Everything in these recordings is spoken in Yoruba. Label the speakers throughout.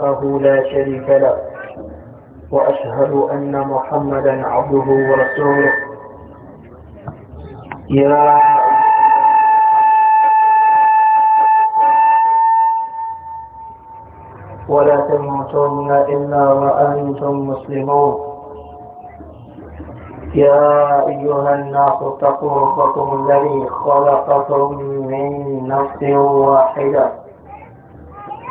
Speaker 1: وحده لا شريك له وأشهد أن محمدا عبده ورسوله يا ولا تموتن إلا وأنتم مسلمون يا أيها الناس اتقوا ربكم الذي خلقكم من نفس واحدة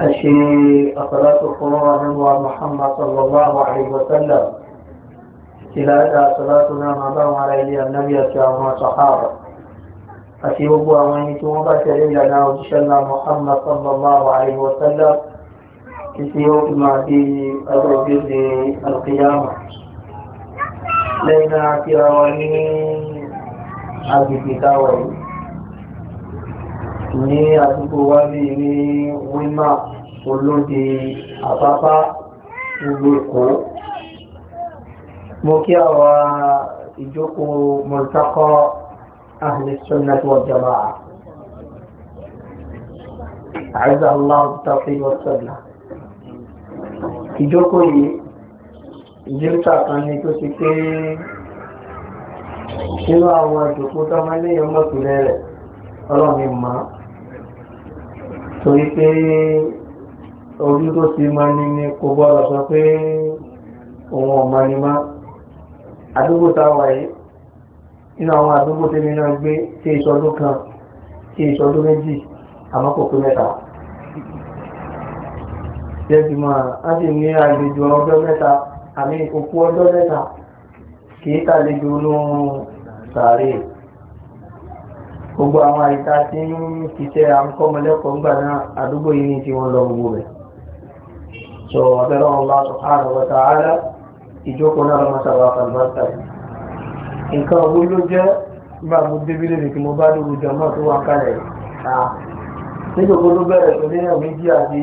Speaker 1: أشي الصلاة والسلام على محمد صلى الله عليه وسلم إلى أدى صلاتنا ما دام على النبي أشياء صحابة أشي أبو أمين ثم بشر لنا وجشنا محمد صلى الله عليه وسلم في يوم ما في الرجل القيامة لنا في أبي في ní àdúgbò wa bí ní wímà olóde àbábá gbogbo èkó mo kí àwa ìjókòó mọ̀lùtàkọ́ ahli sunnah wal jamaa'ah àìsà aláwọ̀ tàfí wọ́sọ̀lá ìjókòó yìí ìjíríta kan ní tó ti pé nínú àwọn ìjókòó tó máa ń léyìn mọ́tò rẹ̀ ọlọ́run máa torí pé orí tó ti máa ní ní kò gbọ́dọ̀ sọ pé òun ọ̀mà ni má àdúgbò táwà yìí nínú àwọn àdúgbò tí mi náà gbé tí ìṣọdún kan tí ìṣọdún méjì àmọ́ kò pé mẹ́ta jẹ́bi máa á sì ní àlejò ọjọ́ mẹ́ta àmì òkú ọjọ́ mẹ́ta kì tàlejò olóhun sàárè gbogbo àwọn àyíká tí ń ṣiṣẹ́ àmúkọ́mọlẹ́kọ̀ọ́ ńgbà náà àdúgbò yìí ní tí wọ́n lọ gbogbo rẹ̀ so abẹ́rẹ́ Allah subhanahu wa ta'ala ìjókòó náà lọ́mọ sábà àlùbáṣà nǹkan owó ló jẹ́ bá mo débi lè kí mo bá lóru jọmọ́ tó wà kalẹ̀ nígbà gbogbo ló bẹ̀rẹ̀ pẹ̀lú èèyàn méjì àti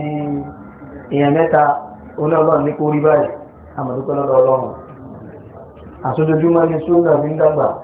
Speaker 1: èèyàn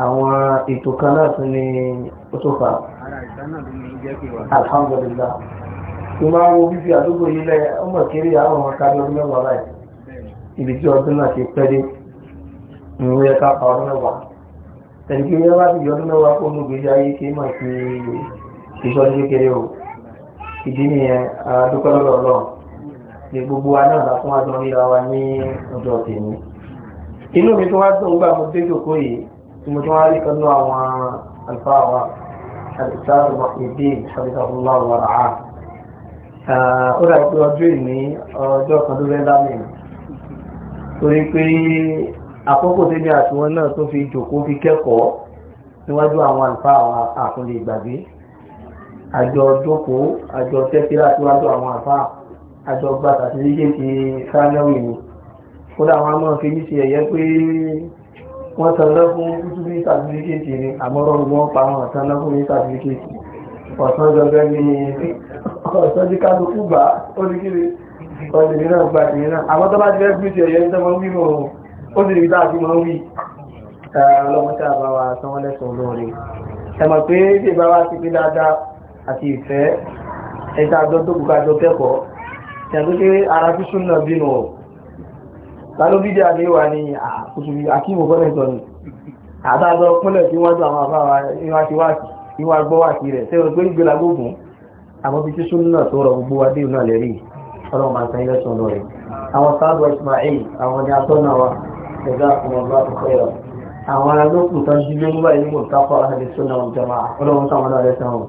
Speaker 1: àwọn ètò kan náà tún ní ó tó fà. alhamdulillah tó máa ń wo bíbí àdúgbò yìí lẹ ọmọ kéré àwọn ọmọ kárí ọdún mẹ́wàá báyìí ibi tí ọdún náà ti pẹ́ dé ìwé ẹ̀ka pa ọdún mẹ́wàá ẹni kí wọ́n bá ti yọ ọdún mẹ́wàá kó nù gbèsè ayé kí mọ̀ sí ìṣọ́jú kékeré o ìdí nìyẹn àdúgbòlọ́dọ̀ lọ ní gbogbo wa náà láfún àjọ ríra wa ní ọjọ́ tèmi inú mi tó wá dùn gbà mo dé jòkó yìí ثم جمالك الله والفاوى الأستاذ محي الدين حفظه الله ورعاه ó dàbí pé ọjọ́ ìní ọjọ́ kan tó lẹ́dá mi torí pé àkókò tẹ́lẹ̀ àti wọn náà tó fi jòkó fi kẹ́kọ̀ọ́ níwájú àwọn àlùfáà àwọn àkúnlé ìgbàgbé àjọ jókòó àjọ tẹ́kílá síwájú àwọn àlùfáà àjọ gbàtà sí léjèèjì sáyẹ́wì ni kódà wọn a máa fi ní ṣe ẹ̀yẹ pé wọ́n tanná fún kútú ní sàfíríkètì ni àmọ́rọ̀ wọn pa wọn tanná fún ní sàfíríkètì ọ̀sán jọgbẹ́ ní ọ̀sán jí kálukú bá ó ní kíri ọ̀sẹ̀ ní náà gbàdì ní náà àwọn tó bá ti fẹ́ fún ìṣẹ̀yẹ ní sọ́mọ́ wí mọ̀ ó sì rí dáa sí mọ́ wí ọlọ́mọta àbáwá sanwó lẹ́sùn olóore ẹ mọ̀ pé bí ìbá wa ti pé tàbí bídíà ní wà ní àkùsùrí akíwò fọ́lẹ̀ sọ ni àtàzọ pínlẹ̀ tí wọ́n tó àwọn afáwà ìwà gbọ́wàkì rẹ̀ tẹ́wọ́n pé ìgbélagbógún àwọn bíi tí súnmọ́ tó rọ gbogbo wa dé àwọn sáàbọ̀ Ismail wa ẹ̀dá àwọn ọba tó fẹ́ rọ àwọn alókùn tán jí lórí wáyé ọlọ́run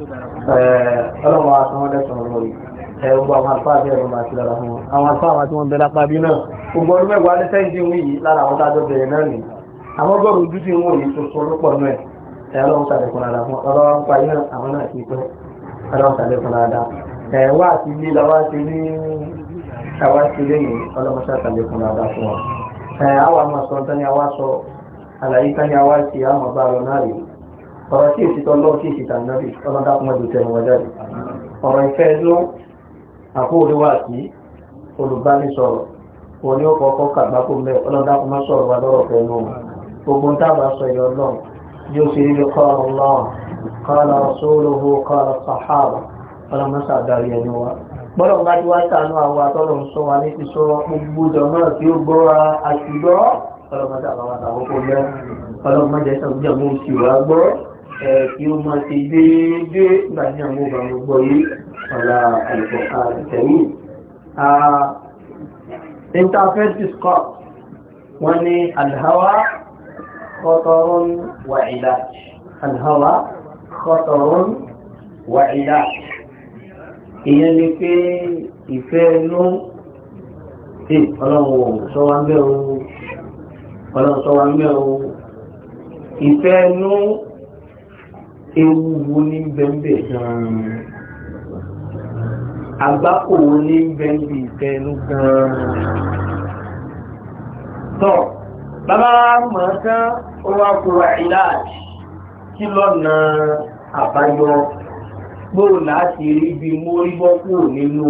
Speaker 1: Eh, ọlọ́run àti wọn lẹ́sàn án lórí eh, gbogbo àwọn àlùfáà bẹ́ẹ̀ ló máa ti lára fún wọn àwọn àlùfáà wa tí wọ́n bẹ lápá bí náà gbogbo ọdún mẹ́wàá ní sẹ́ńdì ń yìí lára àwọn tájọ́ bẹ̀rẹ̀ náà nì àwọn gbọ́dọ̀ ojú tí wọ́n yìí tuntun ló pọ̀ náà ẹ̀ eh, ọlọ́run sàlẹ̀kùn lára fún ọlọ́run pa iná àwọn náà ti pẹ́ ọlọ́run sàlẹ̀kùn lára ẹ̀ wá àti ilé làwa ti ní àwa ti lé yìí ọlọ́run sàlẹ̀kùn lára fún wọn ẹ̀ àwọn àmọ̀ sọ̀tán ni àwa sọ àlàyé kan ni àwa ti àmọ̀ bá lọ náà yìí ọ̀rọ̀ tí èsì tọ́ lọ́wọ́ tí èsì tà náà ọlọ́dà kún ẹ̀dùn tẹnu wọn jáde ọ̀rọ̀ ìfẹ́ ló àpò oríwá sí olùbánisọ̀rọ̀ wọn ni ó kọ́kọ́ kàgbákò mẹ́ ọlọ́dà kún máa sọ̀rọ̀ wa lọ́rọ̀ fẹ́ nù gbogbo ń tábà sọ ìyọ náà yóò ṣe rí qala Allah qala rasuluhu qala sahaba ọlọ́mọṣà darí ẹni wa gbọ́dọ̀ bá ti wá sànú àwọn àtọ́lọ̀ ń sọ wa ní ti sọ gbogbo jọmọ́ tí ó gbọ́ra àṣùgbọ́ ọlọ́mọṣà bàbá àtàwọn mú sí wa gbọ́ kí ó máa ti déédé gbà ní àwọn ọba gbogbo yìí ọ̀la àlùkọ̀ká ìtẹ̀yìn. interfaith discourse wọ́n ní alhawa kọ́tọ̀rún wà ìlàj alhawa kọ́tọ̀rún wà ìlàj ìyẹn ni pé ìfẹ́ inú tí ọlọ́run sọ wá ń bẹ̀rù ìfẹ́ inú ewu wo ní bẹ́ńbẹ́ gan-an àgbákò wo ní bẹ́ńbẹ́ ìfẹ́nu gan-an tọ́ bàbá mọ̀ tán ó wá kúrò ìlàjì kí lọ́nà àbáyọ gbóò láti rí bí mórígbọ́ kúrò nínú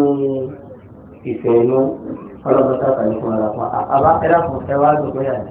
Speaker 1: ìfẹ́nu ọlọ́pàá sáfà ní fún ara fún àbá ẹ̀dá fún ẹwà àgbègbè yàrá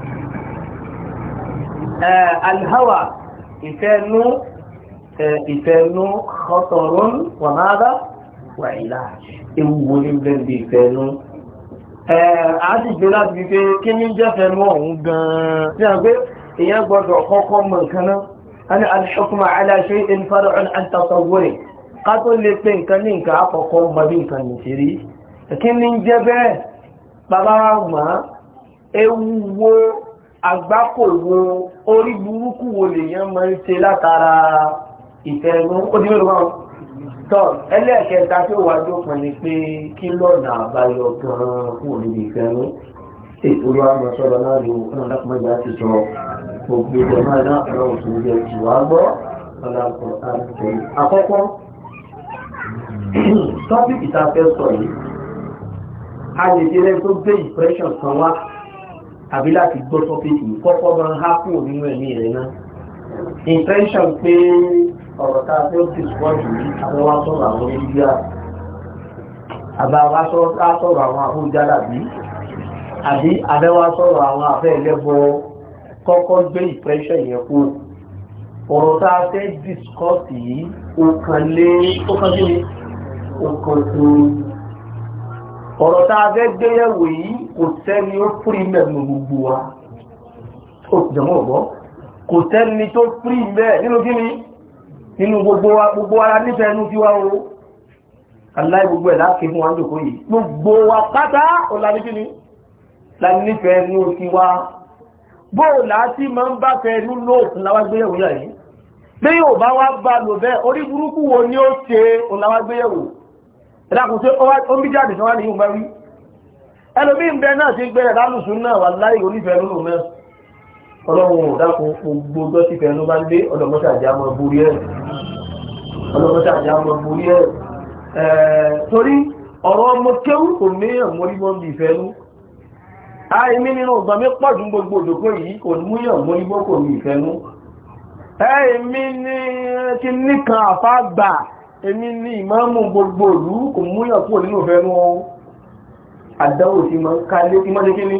Speaker 1: Eh, alhawa ìfẹ́nu eh, ìfẹ́nu ọ̀tọ̀rún wàmádà wàìlà ewu wo ní bẹ́ẹ̀bí ìfẹ́nu àádìgbé eh, láti fi pé kí ní jẹ́fẹ́nu ọ̀hún gan-an tí a gbé èyàn gbọ́dọ̀ kọ́kọ́ mọ̀ nǹkan náà ana alhukuma ala shay'in far'un an tasawwuri ká ewu wo àgbákò wo orí burúkú wo lèèyàn máa ń ṣe látara ìfẹ́nu ó di mélòó máa tọ́ ẹlẹ́ẹ̀kẹta tí ó wá dópin ni pé kí lọ́nà àbáyọ gan-an kú níbi ìfẹ́nu ètò olú àmọ́ sọ́dọ̀ náà ló náà lápẹ́jọ láti sọ gbogbo ìjọba máa dá ọ̀rọ̀ òṣèlú jẹ jù wá gbọ́ ọ̀làkọ̀ àti àkọ́kọ́ tọ́pìkì tá a fẹ́ sọ yìí a lè ṣe lẹ́yìn tó gbé ìpẹ́ṣọ̀ kan wá àbí láti gbọ́ tọ́pìkì kọ́kọ́ máa ń há kúrò nínú ẹ̀mí rẹ̀ náà intention pé ọ̀rọ̀ tá a fẹ́ fi sọ́ọ̀tù yìí àwọn wá sọ̀rọ̀ àwọn oníbíyà àbá wá sọ̀rọ̀ àwọn àbújálàbí àbí abẹ́wá sọ̀rọ̀ àwọn afẹ́ ẹlẹ́bọ kọ́kọ́ gbé ìpẹ́ṣẹ̀ yẹn kú ọ̀rọ̀ tá a fẹ́ discuss yìí ó kàn lé ó kàn lé ó kàn tó ọ̀rọ̀ tá a fẹ́ gbéyẹ̀wò yìí kò sẹ́ni ó fúri mẹ́nu gbogbo wa ó jẹ̀mọ́ ọ̀gbọ́ kò sẹ́ni tó fúri mẹ́ nínú kí nínú gbogbo wa gbogbo wa nífẹ̀ẹ́ inú tiwa o aláì gbogbo ẹ̀ láti fún wa jòkó yìí gbogbo wa pátá ó la ní kí ni la nífẹ̀ẹ́ inú tiwa bóò láti máa ń bá fẹ́ inú lóòtún láwá gbéyẹ̀wò yà yìí bí yóò bá wá bá lò bẹ́ẹ̀ orí burúkú wo ni ó ṣe òun láwá gbéyẹ̀wò ẹ̀dàkùn tí ó bí jáde sọ́wọ́ ní ìhùnbá ẹlòmí ń náà ti gbẹ̀rẹ̀ lálùsùn náà wà láì onífẹ̀ẹ́ lónà ọlọ́run dákun gbogbo ọjọ́ fẹ̀ẹ́ ló bá dé ọlọ́mọṣẹ́ àjámọ́ borí ẹ̀ ní ẹ̀mọ́rí àfá gbà èmi ní ìmáàmù gbogbo ìlú kò múyàn kúrò nínú ìfẹ́ wọn o àdáwò tí máa ń ká lé kí mọ́ dékí ní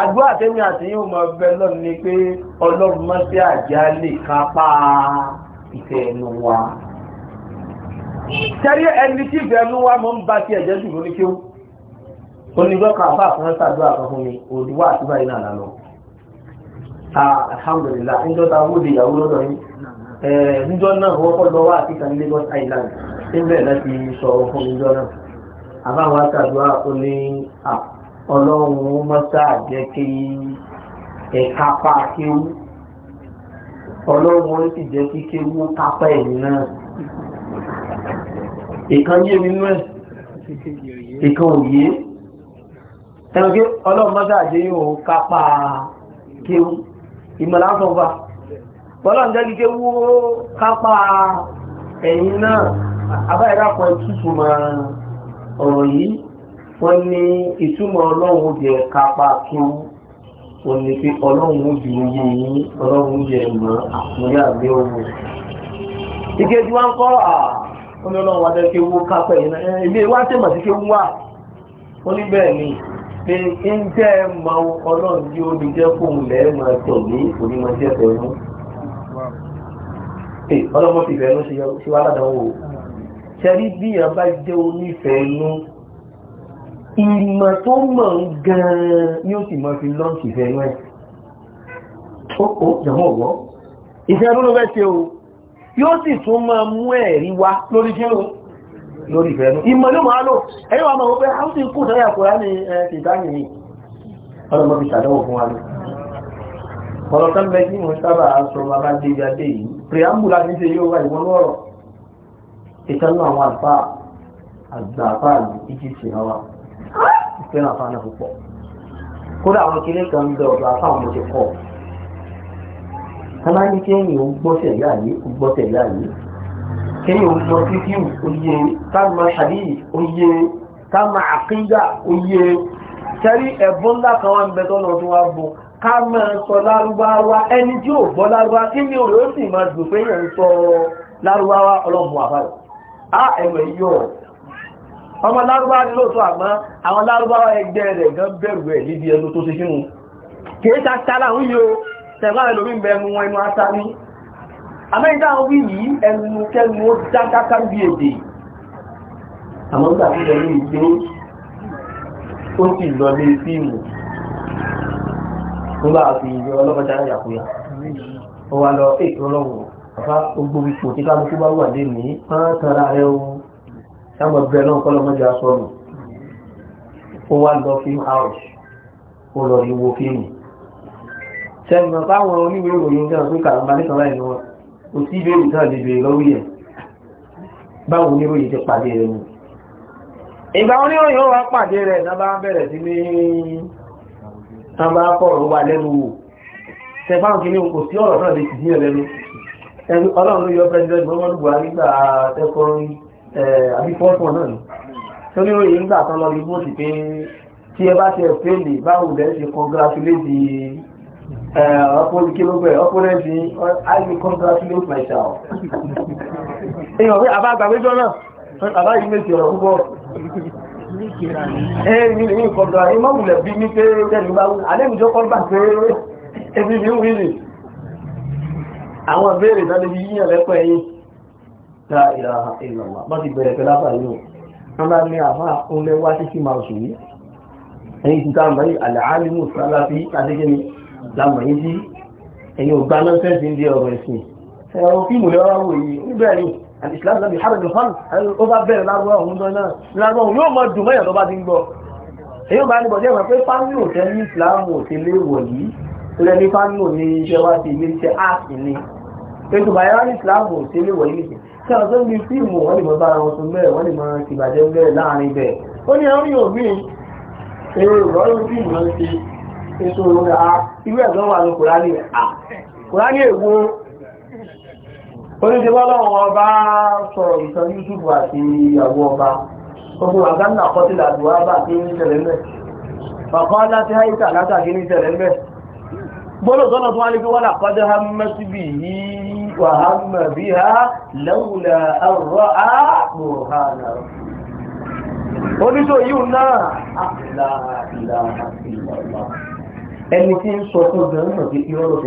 Speaker 1: àgbọ́ àtẹ́mi àti yíò máa bẹ lọ́nà ni pé ọlọ́run máa sí àjá lè kápá ìfẹ́ ẹnu wa tẹ́rí ẹni tí ìfẹ́ ẹnu wa mọ́ ń bá ti ẹ̀jẹ̀ jù lórí kí ó onígbọ́ kan àbá àfihàn sàdúrà kan fún mi òdìwọ́ àtúbà yìí náà lánàá ah, de ìyàwó lọ́dọ̀ níjọ́ náà wọ́n kọ́ lọ́wọ́ àti kan Lagos Island níbẹ̀ láti sọ̀rọ̀ fún níjọ́ náà àbáwọn àtàdúrà ó ní ọlọ́run mọ́tà jẹ́ kí ẹ̀ka pa kéwú ọlọ́run ó sì jẹ́ kí kéwú kápá ẹ̀yìn náà ìkan yé mi nú ẹ̀ ìkan ò yé ẹnu kí ọlọ́run mọ́tà jẹ́ yóò kápá kéwú ìmọ̀lá sọ̀fà. bọ́lọ́n jẹ́ gígé wó kápá ẹ̀yìn náà abáyẹ̀dàpọ̀ ìtútù máa ọ̀rọ̀ yìí wọ́n ní ìtumọ̀ ọlọ́run jẹ́ kápá tó wọ́n ní pé ọlọ́run jù oyè yìí ọlọ́run jẹ́ ìmọ̀ àkúnyà lé ọmọ ìkejì wá kọ́ à wọ́n jẹ́ kí wó kápá ẹ̀yìn náà ilé wá ọlọ́mọ ti fẹ̀ẹ́nú ṣe wá ládàáwò ṣẹ́rí bí i ọba jẹ́ onífẹ̀ẹ́nú ìmọ̀ tó mọ̀ ń gan-an ni ó sì mọ̀ fi lọ́ǹkì fẹ̀ẹ́nú ẹ̀ ó jẹ̀mọ́ ọ̀gbọ́ ìfẹ́ẹ̀nú ló fẹ́ ṣe o yóò sì tún máa mú ẹ̀rí wá lórí kí ó lórí ìfẹ́ẹ̀nú ìmọ̀ ló máa lò ẹ̀yọ́ wa máa wọ́n pé áwùsì kù sẹ́yà kò rá ní tìtánì yìí ọlọ́mọ fi ṣàdánwò fún wa lọ ọ̀rọ̀ kan bẹ́ẹ̀ tí mo sábà sọ bàbá débi adé yìí preambula láti ṣe yóò wá ìwọ́n lọ́rọ̀ ìtẹ́lú àwọn àlùfà àgbà àfà àlù egypt náà wà ìfẹ́ràn àfà náà púpọ̀ kódà àwọn kiri kan ń bẹ ọ̀dọ̀ àfà àwọn ọmọdé kọ̀ sábà ní kéyìn ò gbọ́sẹ̀ láàyè ò gbọ́sẹ̀ láàyè kéyìn ò gbọ́ fífíù oyè káàmà hadith oyè káàmà àkíńdà oyè sẹ́rí ẹ̀bọ́n ńlá kan wà ń bẹ tọ́lọ́ tó wá bọ́ ká máa sọ lárúbáwá ẹni tí ò gbọ́ lárúbá tí ní òun ó sì máa dùn pé yẹn ń sọ lárúbáwá ọlọ́mù àbáyọ̀ á ẹ̀wẹ̀ yọ ọmọ lárúbá ní lóòótọ́ àmọ́ àwọn lárúbáwá ẹgbẹ́ rẹ̀ gan bẹ̀rù ẹ̀ níbi ẹnu tó ṣe sínú kìí ta ta láhún yìí o tẹ̀gbọ́n rẹ̀ lómi bẹ ẹnu wọn inú ata ní amẹ́ríkà wí yìí ẹnu kẹnu ó dákáká ìgbé ó sì lọ lé fíìmù tó bá fi ìjọ ọlọ́pàá yàkúyà ó wà lọ èkó lọ́wọ́ bàbá gbogbo ipò tí káàkiri bá wà dé mi máa ń tara rẹ o sáwọn ọgbẹ náà kọ́ lọ́mọdé aṣọ ó wà lọ film house ó lọ rí wo fíìmù sẹ́nu báwọn oníwèé ìròyìn náà pé kàrọ̀mbá ní kàrọ̀ ìnáwó kò sí ìbéèrè náà lè béèrè lọ́wọ́ yẹn báwọn oníròyìn ti pàdé rẹ̀ nù ìgbà oníròyìn ó wá pàdé rẹ̀ ní tán bá kọ̀rọ̀ wà lẹ́nu wò tẹfáwọn kìíní kò sí ọ̀rọ̀ náà lè ti dín ẹlẹ́nu ẹni ọlọ́run ló yọ president Muhammadu Buhari gba ẹkọrin àbí fọ́ọ̀tún náà ni tó ní òye nígbà tán lọ ní bóòtù pé tí ẹ bá ti ẹ̀ fẹ́lì báwo lẹ́ ṣe congratulate ọpọlù kí ló pẹ̀ opponent I will congratulate myself èèyàn pé àbá àgbàgbéjọ náà àbá yìí méjì ọ̀rọ̀ púpọ̀ ẹni ní ìkọ̀dọ̀ ayé má wùlẹ̀ bí ní pé tẹ́lú bá alẹ́mìjọ́ kọ́ gbà pé ẹbí ní wílì àwọn béèrè náà lè fi yíyàn lẹ́pọ̀ ẹ̀yìn ta ìlànà ìlànà bá ti bẹ̀rẹ̀ pẹ̀lá pàlú wọn bá ní àfá oúnlẹ̀ wá sí sí máa sùn ẹ̀yìn ti táàmù yìí àlàálìmù sálábí adégéni lámà yìí sí ẹ̀yìn ògbà náà fẹ́ẹ̀sì ń Al-Islam lọ́bí harun johan ó bá bẹ̀rẹ̀ lárúbá òun náà lárúbá òun yóò mọ dùn mọ́yàn tó bá ti ń gbọ́ èyí bá ní bọ̀dé ẹ̀mọ̀ pé fámì ò tẹ́ ní Islam ò ti lé wọ̀ yìí tó lẹ́ni fámì ò ní iṣẹ́ wá sí ilé iṣẹ́ áàtì ni pé tó bá yára ní Islam ò ti lé wọ̀ yìí kí àwọn tó ń bí fíìmù wọ́n lè mọ bára wọn tún bẹ́ẹ̀ wọ́n lè mọ tìbàjẹ́ bẹ́ẹ̀ láàrin bẹ́ẹ̀ ó ní àwọn yóò bí èrò ìrọ̀rùn fíìmù náà ṣe èso ìwé ẹ̀gbọ́n wà ní Kùránì ah, Kùránì èwo oníṣẹ́gbọ́lọ́wọ́ ọba sọ̀rọ̀ ìtàn youtube àti ìyàwó ọba gbogbo àgbàmì àkọsílẹ̀ àdúrà bá kí ní ìṣẹ̀lẹ̀ mẹ́ ọ̀kan láti haita látàkí ní ìṣẹ̀lẹ̀ mẹ́ gbọ́dọ̀ tó wá ní pé àkọ́dẹ́ ha mẹ́sí bì wà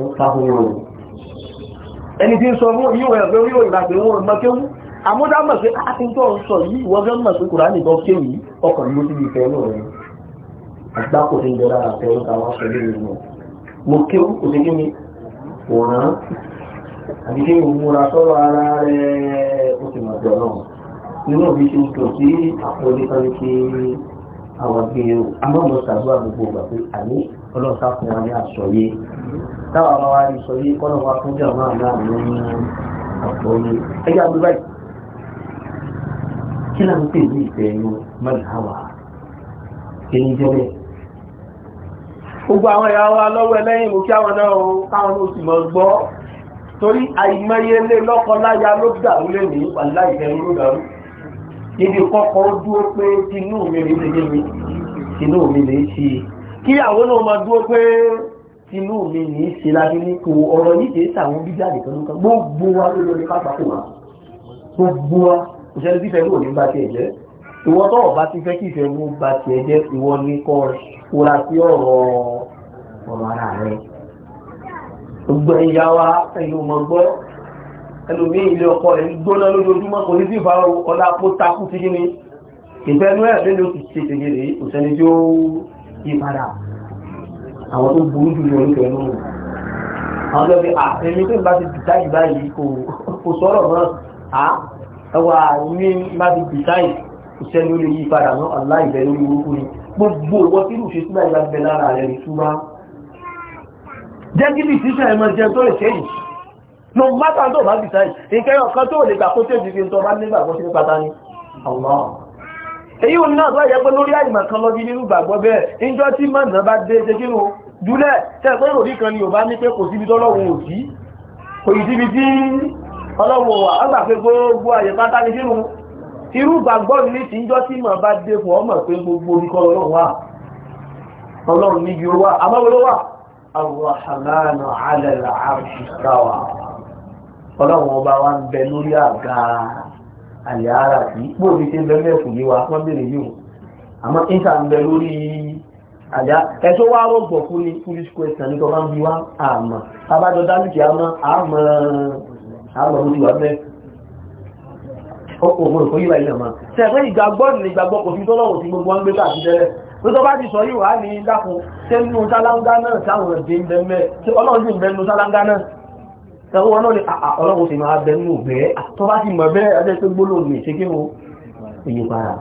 Speaker 1: ha ẹni tí ń sọ fún yíò ẹ̀rọ orí òyìnbá pé wọ́n mọ́ kéwú àmúdá mọ̀ pé àtúntò ń sọ yìí wọ́n fẹ́ mọ̀ pé kùránì tó kéwú ọkàn ló ti ìfẹ́ náà rẹ̀ àgbákò ní ìjọba àti ẹ̀rọ táwọn sọ lórí mi mo kéwú kò sí kí ni òràn àbí kí ni múra sọ́rọ̀ ara rẹ̀ ó ti mọ̀ jọ náà nínú òbí ti ń tò sí àpòlé kan kí àwọn gbé amọ́mọ́ sàdúrà gbogbo gbà pé àní ọlọ́ọ̀sá fún wa ní àsọyé táwọn ọmọ wa rí sọ yìí kọ́nà wa fún jẹ́ ọmọ àná àná ní ọ̀pọ̀ omi ẹgbẹ́ àbúrò báyìí kí ló ń pè ní ìfẹ́ ẹnu mọ́lìháwà ẹni jẹ́ bẹ́ẹ̀. gbogbo àwọn ìyá wa lọ́wọ́ ẹlẹ́yìn mú kí àwọn náà ó káwọn ó sì mọ̀ gbọ́ torí àìmọye lé lọ́kọ láya ló dàrú lẹ́nu wàlá ìfẹ́ ló dàrú ibi kọ́kọ́ dúró pé tinú mi rèé tinú mi rèé sí i kíyàwó náà máa dúró pé inú mi ní í ṣe láti ní kò ọ̀rọ̀ yìí kìí sàwọn bíbí àdìkọ nǹkan gbogbo wa ló lórí pápákọ̀ wa gbogbo wa kò sẹ́ni tí fẹ́ẹ́ wò ní bá tiẹ̀ jẹ́ ìwọ tọ́wọ̀ bá ti fẹ́ kí ìfẹ́ wò bá tiẹ̀ jẹ́ ìwọ ní kọ́ kóra sí ọ̀rọ̀
Speaker 2: ọ̀rọ̀ ara rẹ̀
Speaker 1: gbogbo ẹ̀yà wa ẹ̀yìn ò gbọ́ ẹlòmíì ilé ọkọ rẹ̀ ń àwọn tó burú jù ní oúnjẹ náà àwọn tó fi àtẹ̀mí tó ń bá ti dìtá yìí báyìí kò sọ̀rọ̀ náà à ẹwà ní bá ti dìtá yìí iṣẹ́ ló lè yí padà náà aláìbẹ̀ lórí orúkú ni gbogbo ìwọ tí ìlú ṣe sílẹ̀ ìlà bẹ lára rẹ̀ ní túbá jẹ́ kí bí ìṣiṣẹ́ ẹ̀mọ jẹ tó lè ṣẹ́yìn no matter tó bá dìtá yìí ìkẹyọ̀ kan tó lè gbà kó tẹ̀sí èyí ò náà tó yẹ pé lórí àìmọ̀ kan lọ bí nínú gbàgbọ́ bẹ́ẹ̀ níjọ́ tí mọ̀nà bá dé ṣe kí ló dúlẹ̀ tẹ́ pé ìròrí kan ni ò bá ní pé kò síbi tọ́lọ́wọ́ ò sí kò yìí síbi tí ọlọ́wọ́ wà á gbà pé gbogbo àyè pátá ní sínú irú gbàgbọ́ ní ọlọ́run ọba wa ń bẹ lórí àga àlẹ́ ara sí bóòbí ṣe ń bẹ mẹ́fù yé wa wọ́n bèèrè yìí o àmọ́ ìta ń bẹ lórí àjá ẹ̀tọ́ wá rọ̀gbọ̀ fún ní police question ní tọ́lá ń bí wá àmọ́ abájọ dálùkì àmọ́ àmọ́ àmọ́ ló ti wà bẹ́ẹ̀ ọkọ̀ òun ìfọ́yíwá ilẹ̀ máa tẹ̀fẹ́ ìgbàgbọ́ ní ìgbàgbọ́ kò sí tọ́lọ́wọ̀ tí gbogbo wọn gbé tàbí tẹ́lẹ̀ tó tọ́ bá ti sọ yìí wà ní dákun tẹ́nu sálángá náà sáwọn ẹ̀dẹ́ ń bẹ́ẹ̀ ọlọ́run sì ń bẹ́ẹ̀ nu sálángá náà ẹwọ́ náà ni ah, ah, ọlọ́run sì máa bẹ nínú bẹ́ẹ̀ ah, tó bá ti mọ̀ bẹ́ẹ̀ ẹjẹ́ tó gbólóhùn mi ṣe kí o èyí para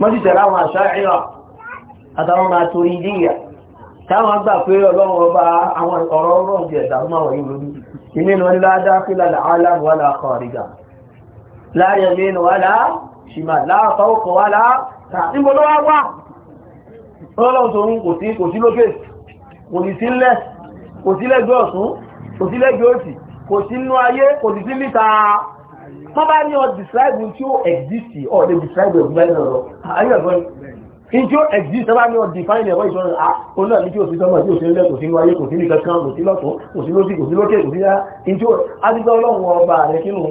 Speaker 1: wọ́n ti tẹ̀lé àwọn àṣà ìrọ̀ àtàwọn máa torí díyà táwọn gbà pé ọlọ́run ọba àwọn ọ̀rọ̀ ọ̀rọ̀ jẹ́ ìdàrú máa wọ̀nyí lórí ilé ni wọ́n ní ládá kí lálẹ́ aláàbò wàlá kọ̀ọ̀rìgà láyẹ̀ mí ni wàlá ṣìmà láàtọ̀ọ̀kọ̀ wàlá ta níbo sí kò sí kò sílẹ̀ kò sí kò sí lẹ́gbẹ̀ẹ́ òsì kò sí nínú ayé kò sí sí níta wọ́n bá ní ọ describe ní tí ó exist ọ lè describe ẹ̀ gbẹ́lẹ̀ lọ ayé ẹ̀gbọ́n ní tí ó exist wọ́n bá ní ọ define ẹ̀wọ́ ìṣọ́nà ah, à ó náà ní tí ó sí sọ́mọ̀ tí ó sí nílẹ̀ kò sí nínú ayé kò sí ní kankan kò sí lọ́tún kò sí lókè kò sí lókè kò sí yá ní tí ó adigun ọlọ́run ọba rẹ kínú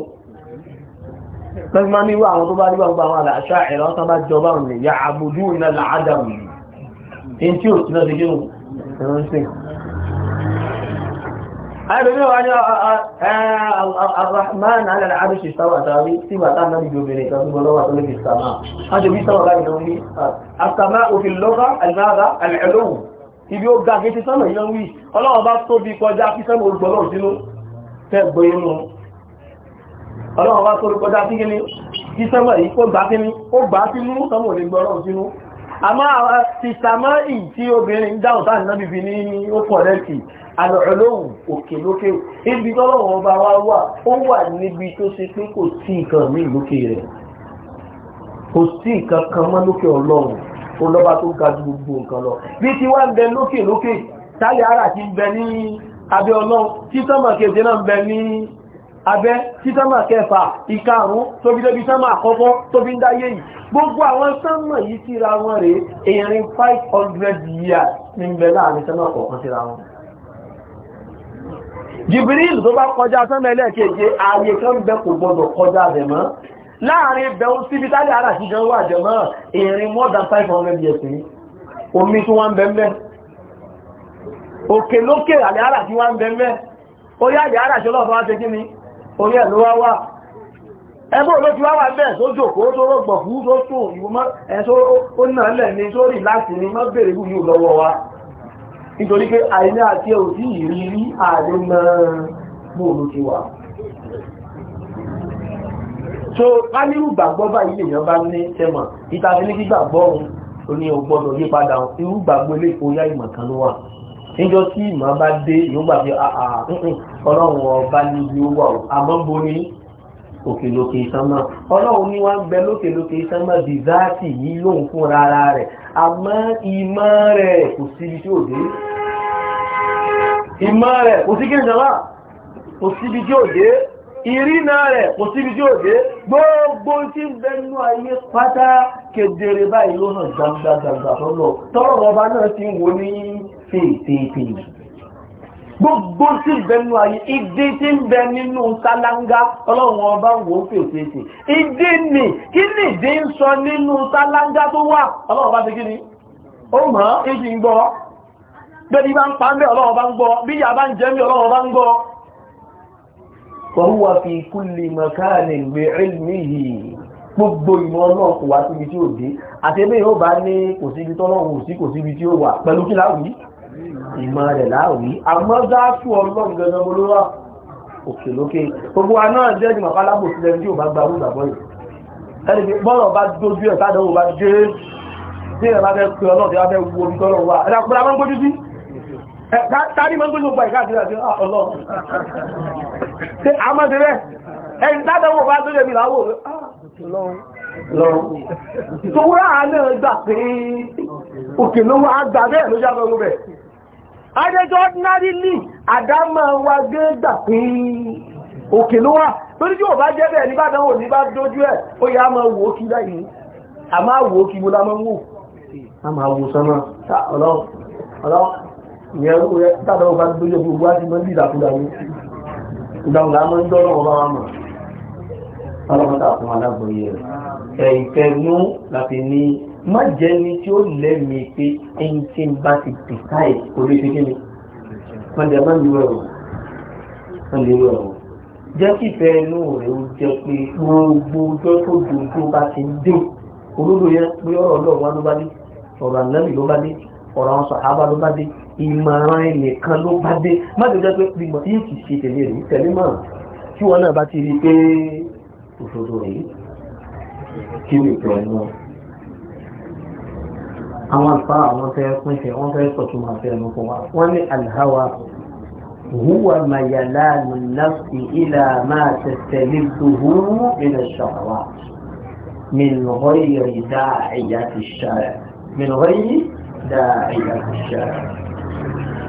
Speaker 1: lọ́gbọ́n ní irú àwọn tó bá rí gbogbo àwọn àṣà ẹ̀rọ tán bá jọba òun lè yá àbójú ìlànà àdàmù ní tí ó sí náà àìbẹ̀rẹ̀ wà ní àràhàn alàlàábìṣì sáwà tàbí tí bàtà náà ìjọ obìnrin kan gbogbo lọ́wà tó lè fi sàmà ájò bí sáwà láì náà wí àsàmà òfin lọ́gá alìmára alìlọ́wù ibi ó ga gẹ́gẹ́ sánà iná wí ọlọ́wọ́ bá tóbi kọjá kí sánà olùgbọ́lọ́ sínú tẹ́ gbọ́yé mọ́ ọlọ́wọ́ bá tóbi kọjá kí kíní kí sánà yìí kó gbá kíní ó gbá sínú sánà olùgbọ́lọ́ sínú àmọ́ ti eh, sàmà ì tí obìnrin dáhùn sáà alọ́ọ̀lọ́wù òkè lókè ibi tọ́lọ́wọ́ bá wá wà ó wà níbi tó ṣe pé kò sí nǹkan mí lókè rẹ̀ kò sí nǹkan kan mọ́ lókè ọlọ́run ó lọ́ba tó ga ju gbogbo nǹkan lọ bí ti wá ń bẹ lókè lókè táyà ara ti ń bẹ ní abẹ́ ọlọ́run títọ́mà kejì náà ń bẹ ní abẹ́ títọ́mà kẹfà ìkarùn tóbi débi sánmà àkọ́kọ́ tóbi ń dáyé yìí gbogbo àwọn sánmà yìí síra wọn rèé èèyàn 500 years ní ń bẹ láàrin sánmà kọ̀ọ̀kan síra wọn Jibril tó bá kọjá sánmà ẹlẹ́ẹ̀keje ààyè kan bẹ kò gbọdọ̀ kọjá rẹ̀ mọ́ láàrin bẹ̀rún síbi tálí ara sí gan wà jẹ mọ́ ìrìn more than 500 years ní omi tí wọ́n ń bẹ mẹ́ òkè lókè àlẹ́ ara tí wọ́n ń bẹ mẹ́ orí àlẹ́ ara tí ọlọ́fà wá ṣe kí ni orí ẹ̀ ló wá wà ẹgbẹ́ olójú wá wà bẹ́ẹ̀ tó jòkó tó rọ̀gbọ̀ fún tó sùn ìwọ́n ẹ̀ tó ó náà lẹ̀ ní sórí láti ní mọ́ bèèrè lù yóò lọ́wọ́ wa nítorí pé àìní àti ẹ̀ òsí ìrírí ààrẹ náà bóòlù ti wà so kálírù gbàgbọ́ báyìí lèyàn bá ní tẹ́mọ̀ ìtàfẹ́ ní gbígbàgbọ́ òun ó ní ọgbọ́dọ̀ yí padà irú gbàgbọ́ ilé ìfòyà ìmọ̀ kan ló wà níjọ tí ìmọ̀ bá dé ìyóògbà bí ah, ah, ah, mm, mm, ọlọ́run ọba ní ibi ó wà àmọ́ bo ní òkè lókè sánmà ọlọ́run ní wọ́n ń bẹ lókè lókè sánmà dìzáàtì yìí lóhun fún rárá rẹ̀ àmọ́ ìmọ̀ rẹ̀ kò síbi tí ò dé ìmọ̀ rẹ̀ kò sí kíńsọ́lá kò síbi tí ò dé ìrìnà rẹ̀ kò síbi tí ò dé gbogbo tí ń bẹnu ayé pátá kedere báyìí ló gbangba gbangba tọ́lọ̀ tọ́lọ̀ ọba náà ti ń wo ní fèèfèèfèè gbogbo tí bẹnu ayé ìdí tí ń bẹ nínú sálángá ọlọ́run ọba ń wò ó fi òfèèfè ìdí ni kí ni ìdí ń sọ nínú sálángá tó wà ọlọ́run ọba ti kí ni ó mọ̀ ọ́ èyí ń gbọ́ bẹ́ẹ̀ni bá ń pa ń bẹ́ ọlọ́run ọba ń gbọ́ bí ìyá bá ń jẹ́ mi ọlọ́run ọba ń gbọ́ wọ́n wà fi kulli makanin bi ilmihi gbogbo ìmọ̀ ọlọ́run kò wá síbi tí ó dé àti ẹgbẹ́ yóò bá ní kò síbi tọ́lọ́run ò sí kò síbi tí ó wà pẹ̀lú kí láwùí ìmọ̀ rẹ̀ láàrí àmọ́ dáàtù ọlọ́run gẹ́gẹ́ olówó òkè lókè gbogbo wa náà jẹ́ ìmọ̀ pálábò sílẹ̀ tí ò bá gba owó ìgbàgbọ́ yìí ẹni pé bọ́ọ̀rọ̀ bá dójú ẹ̀ sádọ́wò bá dé tí ẹ̀ bá fẹ́ pe ọlọ́run tí wọ́n fẹ́ wo omi tọ́lọ̀ wà ẹ̀dá pẹ̀lú àwọn gbójú sí tàbí máa ń gbójú gbà ìkáàkiri àti ọlọ́run ṣe àmọ́ ti rẹ̀ ẹni sádọ́wò bá dójú ẹ̀mí làwọ̀ lọ́run tó ah, wúrà náà gbà pé òkè lówó á gbà bẹ́ẹ̀ adẹ́jọ́ ordinarily àdámọ́ wa gbé gbà pé òkè ló wà torí tí ò bá jẹ́ bẹ́ẹ̀ nígbà dánwò ní bá dójú ẹ̀ ó yá máa wò ó kí láyìí a máa wò ó kí mo lámọ́ wò a máa wò sọ́nà ọlọ́ọ̀ ìyẹn ó yẹ tàbí ọba dójú gbogbo wá sí mọ́ ní ìdàkúdà ní ìdáhùn lámọ́ ń dọ́rọ̀ ọba wa mọ̀ ọlọ́mọta fún alágbòye rẹ̀ ẹ̀yìn tẹnu láti ní má jẹ́ ni tí ó lẹ́mìí pé ẹni tí ń bá ti decide orí ṣe kíni wọ́n dẹ̀ máa ń lu ẹ̀rọ wọ́n lè lu ẹ̀rọ jẹ́ kí ìfẹ́ inú rẹ̀ ó jẹ́ pé gbogbo ọjọ́ tó dùn tó bá ti ń dín olódò yẹn pé ọ̀rọ̀ ọlọ́run wá ló bá dé ọ̀rọ̀ ànábì ló bá dé ọ̀rọ̀ àwọn sàhábà ló bá dé ìmọ̀ràn ẹnìkan ló bá dé má jẹ́ jẹ́ pé gbígbọ́ tí yìí kì í ṣe tẹ̀lé rẹ̀ tẹ̀lé mọ̀ràn tí wọn náà bá ti rí i pé òṣòro rẹ̀ yìí kí ni ìfẹ́ inú rẹ̀ àwọn àlùfà àwọn fẹ́ pínṣẹ̀ wọ́n fẹ́ sọ̀tún máa fẹ́ ẹnu fún wa wọ́n ní alhawa huwa mayalanu nafsi ila ma tastahiluhu min ash-shahawat min ghayri da'iyati ash-shari' min ghayri da'iyati ash-shari'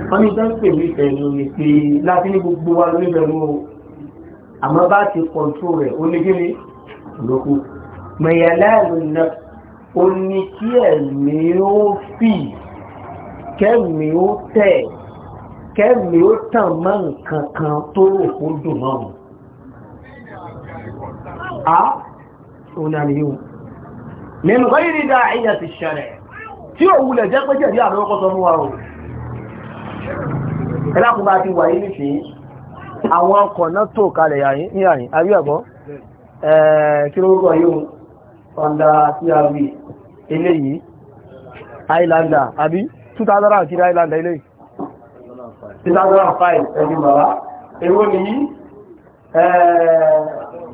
Speaker 1: wọ́n ní dẹ́pẹ̀ ní ìfẹ̀lú ni pé láti ní gbogbo wa ló níbẹ̀rù o àmọ́ bá ti kọ̀ǹtó rẹ̀ ó ní gíní lókù mayalanu nafsi ó ní kí ẹ̀mí ó fì kẹ́mi ó tẹ̀ kẹ́mi ó tàn mọ́ nǹkan kan tó rò kó dùn mọ́ mu. a ò náà ní o nínú báyìí rí dáa ẹ̀yà ti ṣẹlẹ̀ tí ò wulẹ̀ jẹ́ pé jẹ̀bi àwọn ọkọ̀ sọ fún ẹlákùnbá ti wà yìí nìṣe àwọn ọkọ̀ náà tó kalẹ̀ yàyìn àríwẹ̀bọ́ ẹ̀ẹ́ kí ló rúkọ ọ̀dá tí a rí eléyìí islander àbí 2000 àti islander eléyìí 2005 ẹgbẹ̀ bàbá ewó ni yí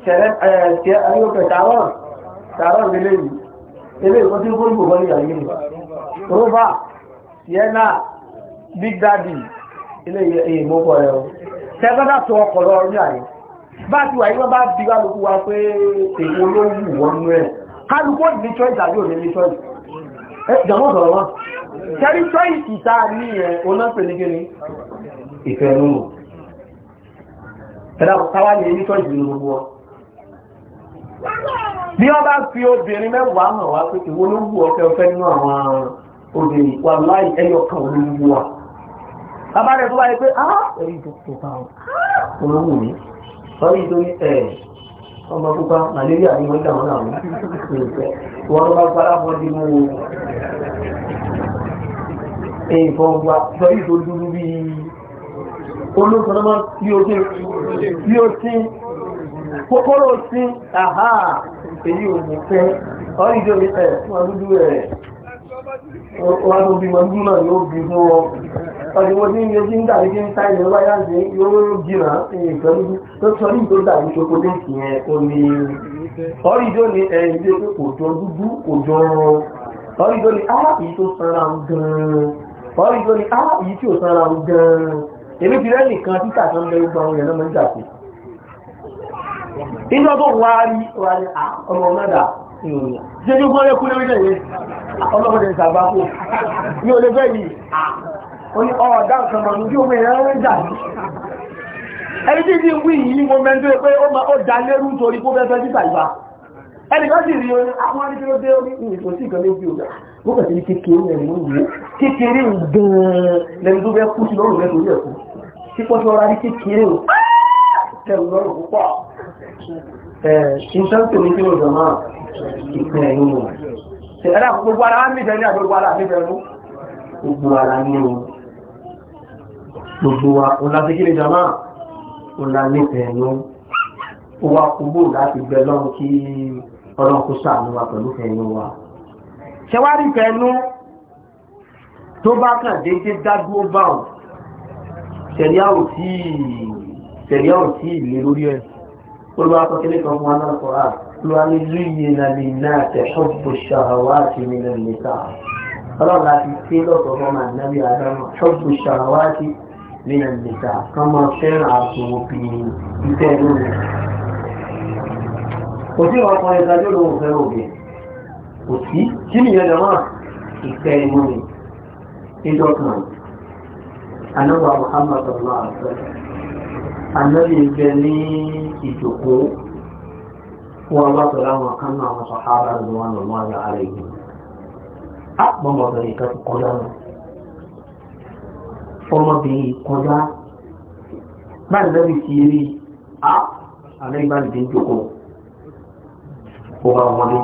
Speaker 1: ṣẹ̀rẹ́ ayókẹ̀ tààrọ̀ tààrọ̀ eléyìí eléyìí kọ́ tí ó kórìkò bọ́ ní àyíkì rọ́bà sienna big daddy eléyìí èyí mọ́kọ̀ ẹ̀ tẹ́gbọ́dá tó ọkọ̀ lọ ní àyíkì bá ti wà yí wọ́n bá bí wá lókú wa pé èkó ló wù wọ́n nú ẹ̀ kálukú ní choice àbí òní ní choice jàmọ́ sọ̀rọ̀ wọn kẹ́rí choice ìta ní ẹ̀ onáfẹ́ ní kíni ìfẹ́ nínú ẹ̀dá táwa ní ní choice nínú gbogbo wọn bí wọ́n bá fi obìnrin mẹ́wàá hàn wá pé ìwọ ló wù ọkẹ́ ọfẹ́ nínú àwọn obìnrin wà láì ẹyọ kan olówó wa bàbá rẹ̀ tó báyìí pé ah ẹ̀rí ìdókòó bá wọn olówó mi sọ́rí ìdókòó ẹ̀ ọmọ púpá nàìjíríà ní wọ́n dáwọn náà wọ́n bá gbára wọn di mú ìfọ̀n wa sọ ìfò dúdú bí olóòsànámá tí ó tí kókóró sí àhá èyí ò mú fẹ́ ọ́ ìjọ ìfẹ́ fún àdúdú rẹ̀ wọ́n tó bí wọn dúnà yóò bí fún ọ ọdíwọ́ ní ilé ń dàbí kí ń ta ilẹ̀ wá ndị yóò jìnà ìpẹ́lú tó sọrí tó dàbí ṣokoléèkì yẹn ó ní ọrí tó ní ẹ̀yìn tó pé kò jọ dúdú kò jọ ọrí tó ní áà yìí tó sanra ń gan ọrí kan ń ṣe ní gbọ́rẹ́ kú lórí ẹ̀yẹ ọlọ́run ẹ̀sà bá kú ní olè bẹ́ yìí ó ní ọ̀dá nǹkan mọ̀ ní bí omi ẹ̀rọ ń jà ní ẹni tí ń wí yìí mo mẹ́ndó ó máa ó dá lérú torí kó fẹ́ fẹ́ títà ìbá ẹni kan sì rí oní àwọn adídúró dé orí ìrìnkò sí ìkan lójú ọ̀gá mo kàn sí ní kékeré ẹ̀rìn ló wù ú kékeré gan-an lẹ́nu tó fẹ́ kú sí lọ́rùn rẹ̀ lórí ẹ̀kú tí pọ́sí o kẹrù ìpín ẹ̀yìn ni ẹ̀dá gbogbo ara ń bìtẹ̀ ní àgbègbè ara mi bẹ̀rù gbogbo ara ní o gbogbo wa o láti kí ni jama o la ní ìfẹ̀yìn ó wá kúgbò láti bẹ lọ́run kí ọlọ́run kó sàánú wa pẹ̀lú ìfẹ̀yìn wa ṣẹwárí ìfẹ̀yìn tó bá kàn déédéé dádúró báwọn ṣẹ̀ríà ò tí ṣẹ̀ríà ẹ̀ olùwàkọ̀ kí kan fún wa náà kọ̀ lọ́wọ́ zuyina lè náà tẹ̀ hubbu shahawati minan nisa ọlọ́run láti ṣe lọ́sọ̀ fún ọmọ ànábì àdámọ̀ hubbu shahawati minan nisa kan máa fẹ́ràn àtò obìnrin ìfẹ́ lónìí. kò sí ọkùnrin ìdájọ́ lòun fẹ́ràn obìnrin kò sí kí nìyẹn lọ́wọ́ ìfẹ́ inú ni ìdọ́kan Muhammadu allah àti anábì ń ní ìjòkó wọn bá tọ́lá wọn kan náà wọn sọ̀hábà rẹ̀ wọn lọ́wọ́ ayọ̀ ara ìlú ọmọbìnrin kan ti kọjá lọ ọmọbìnrin kọjá báyìí lẹ́bi ti rí a àlẹ́gbàlejò ìjókòó ó wá wọlé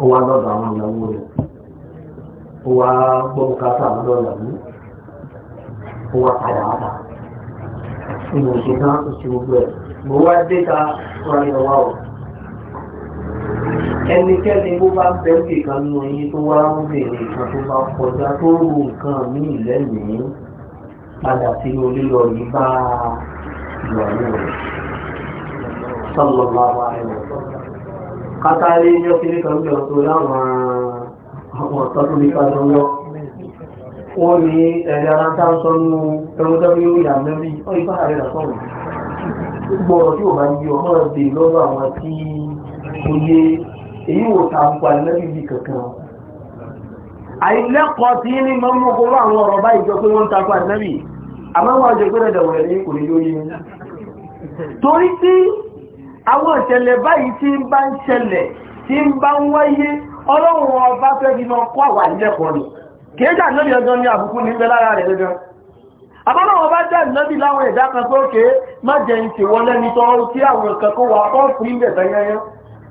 Speaker 1: ó wá lọ́dọ̀ àwọn ìyàwó rẹ̀ ó wá gbọ́ bùkátà lọ́dọ̀ ìyàwó ó wá padà wá ta ìmọ̀ ìṣẹ̀dá oṣù gbogbo ẹ̀ bó wá dé ta wọn ni ọwá o ẹnikẹ́ni bó bá bẹ́ẹ̀ kì kan nínú yín tó wá ń bèèrè nǹkan tó bá kọjá tó rú nǹkan míì lẹ́yìn padà sí olúyọ yìí bá ìyọ̀nù rẹ̀ sọ́lọ́lá wa ẹ̀wọ̀n kátàlé ní ọkùnrin kan jọ tó láwọn àwọn ọ̀tọ́ tó ní ká lọ́wọ́ wọ́n ní ẹ̀rẹ́ aláǹtá ń sọ nínú ẹ̀rọ tó bí ó yà mẹ́rin ọ ìbára rẹ̀ lọ́sọ̀rọ̀ gbogbo ọ̀rọ̀ tí ò bá yí ọmọ ọ̀dẹ lọ́dọ̀ àwọn tí ó yé èyí wò ta kankan àìlẹ́kọ̀ọ́ tí ní máa mú kó àwọn ọ̀rọ̀ báyìí jọ pé wọ́n ta pa lẹ́bí àmọ́ pé wọ̀rẹ̀ ní kò ní yóò yé torí tí àwọn ìṣẹ̀lẹ̀ báyìí bá ń ṣẹlẹ̀ àbọ́nàwọ̀ bá jẹ́ ìnábì láwọn ẹ̀dá kan tó kéé má jẹ ìṣe wọn lẹ́ni tọrọ tí àwọn nǹkan kó wà pọ́ fún ilẹ̀ tẹ́yẹyẹ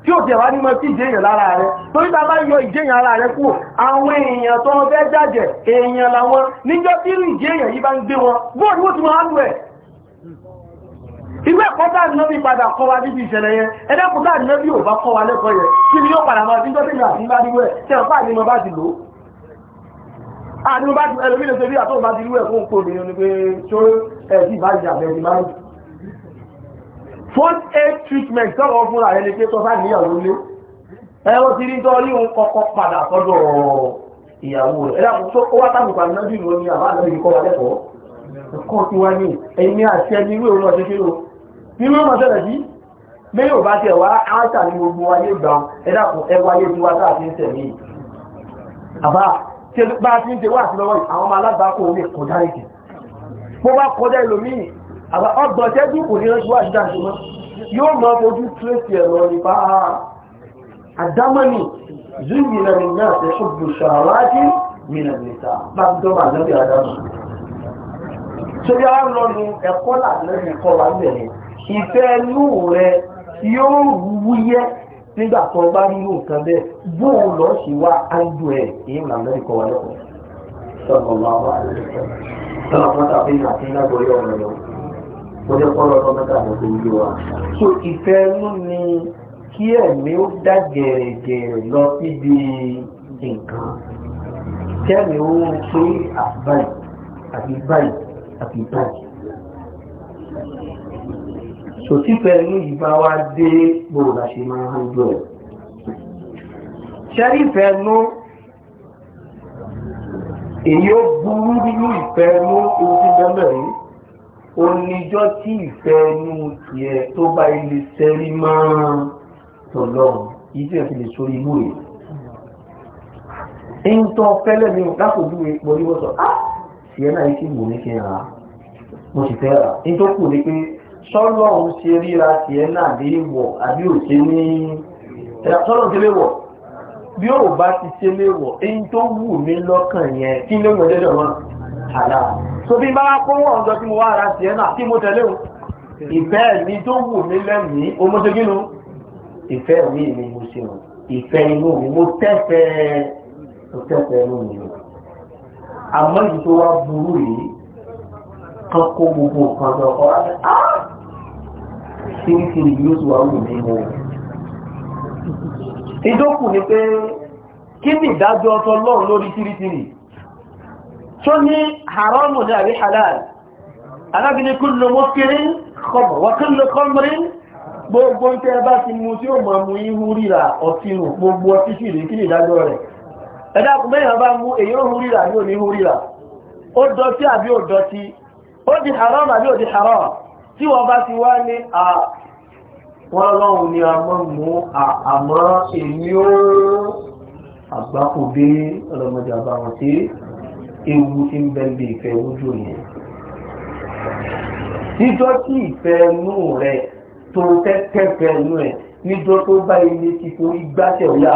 Speaker 1: tí ó jẹ̀wá ní mọ́ sí ìjẹyàn lára rẹ̀ torí ta bá yọ ìjẹyàn ara rẹ̀ kú àwọn èèyàn tó ń fẹ́ jàjẹ̀ èèyàn làwọn níjọ́ tí irú ìjẹyàn yìí bá ń gbé wọn bóòdù wọ́n ti máa ń wẹ̀ ìwé ẹ̀kọ́ tá ìnábì padà kọ́ wa níbi ìṣẹ̀lẹ̀ yẹn ẹ̀dẹ́kùn tá ìnábì ò bá kọ́ wa lẹ́kọ̀ọ́ yẹn kí ni yóò padà máa bí jọ́sìn àti ah, mo bá ti ẹlòmí lè ṣe bí àtọ́ bá ti rú ẹ̀kún kó obìnrin ni pé ṣó ẹ̀sì bá ìjà bẹ̀rẹ̀ ti márùn. first aid treatment sọ̀rọ̀ fúnra rẹ̀ ni pé tọ́sá níyàwó lé ẹ̀rọ ti rí tọ́ ní òun kọ́kọ́ padà sọ́dọ̀ ìyàwó rẹ̀ ẹ̀dá kò tó ó wá tábù pàdé náà dìrò ní àbá àlọ́ ìkọ́ wa lẹ́kọ̀ọ́ ẹ̀kọ́ ti wá ní ẹ̀yìn àṣẹ ní irú èrò ọ̀ṣẹ́ kéré o nínú ọmọ sẹ́lẹ̀ sí bí yóò bá tẹ̀ wá áńtà ní gbogbo ayé gbà ẹ̀dá kò ẹwà ayé ti wá sáà ti ń tẹ̀ mí àbá ṣe bá ti ń ṣe wà sí lọ́wọ́ àwọn ọmọ alábàákò orí kọjá ìdí bó bá kọjá ìlòmíì ọgbọ̀n tẹ́jú kò ní ránṣẹ́ wà sí dáṣe mọ́ yóò mọ́ fojú tírèsì ẹ̀rọ nípa àdámọ́nì zúyì lẹ́nu náà tẹ́ ṣùgbù ṣàwádìí mìíràn nìta bá ń dọ́mà lórí àdámọ́ tó yá lọ́nu ẹ̀kọ́ nígbà tó bá rí nǹkan bẹ́ẹ̀ bóun lọ sí wá ájú ẹ̀ èyí là mẹ́ríkọ̀ wà lẹ́kọ̀ọ́ sọ̀rọ̀ máa wà lẹ́kọ̀ọ́ sọ̀rọ̀ pátá bí àti nágbọ̀ yọ̀ ọ̀rọ̀ lọ mo jẹ́ kọ́ lọ́dọ́ mẹ́ta mo fi yé wa. so ìfẹ́ inú ni kí ẹ̀mí ó dá gẹ̀rẹ̀gẹ̀rẹ̀ lọ síbi nǹkan kẹ́mi ó ń pé àbáyé àbí báyìí àbí báyìí sòtífẹ́ inú yìí bá wá dé bòrò bá ṣe máa ń jọ ẹ̀ ṣẹ́rífẹ́ inú èyí ó burú nínú ìfẹ́ inú ohun tí bẹ́ẹ̀ rí oníjọ́ tí ìfẹ́ inú tiẹ̀ tó bá ilé sẹ́rí máa tọ̀lọ̀ yìí tí ẹ̀ fi lè sórí ibú rẹ̀ ń tọ́ fẹ́lẹ̀ mi lákòójú rẹ̀ pọ̀ ní wọ́n sọ ah sí ẹ́ náà yìí sì wò ní kí n rà mo sì fẹ́ rà ń tó kù ní pé sọ́lọ́ òun ṣe ríra sí ẹ náà lè wọ̀ àbí ò ṣe ní sọ́lọ́ ṣe lè wọ̀ bí ó bá ti ṣe lè wọ̀ èyí tó wù mí lọ́kàn yẹn kí ló mọ̀ dédé wọn àlá so bí bá kó wọ́n ọ̀dọ́ tí mo wá ara sí ẹ náà kí mo tẹ̀lé o ìfẹ́ mi tó wù mí lẹ́mìí o mo ṣe kí nu ìfẹ́ mi ni mo ṣe o ìfẹ́ inú mi mo tẹ́fẹ̀ẹ́ mo tẹ́fẹ̀ẹ́ inú mi o àmọ́ ìṣòwò aburú yìí kan kó gbogbo nǹkan lọ ọ̀rọ̀ ah! kirikiri yóò tún wà wù mí mu. ìdókù ni pé kí ni ìdájọ́ ọtọ lọ́run lórí kirikiri tó ní haramu ní àbí halal alábìnrin kullu muskirin khamr wa kullu khamrin gbogbo ń tẹ́ bá ti mu tí ó mọ̀ mú ihu ríra ọtí nù gbogbo ọtí sí ìrìn kí ni ìdájọ́ rẹ̀ ẹ̀dá kù mẹ́yàn bá mú èyí ó hu ríra ní òní hu ríra ó dọtí àbí ó dọtí ó di haram àbí ó di haram tí wọ́n bá ti wá ní à wọ́n lọ́wọ́ ni a mọ́ mú àmọ́ èmi ó àgbákòdé ọlọ́mọdé àbáwọn tí ewu ti ń bẹ́ bí ìfẹ́ ojú yẹn níjọ́ tí ìfẹ́ inú rẹ̀ tó tẹ́tẹ́fẹ́ inú ẹ̀ níjọ́ tó bá ilé ti torí gbá ṣẹ̀yà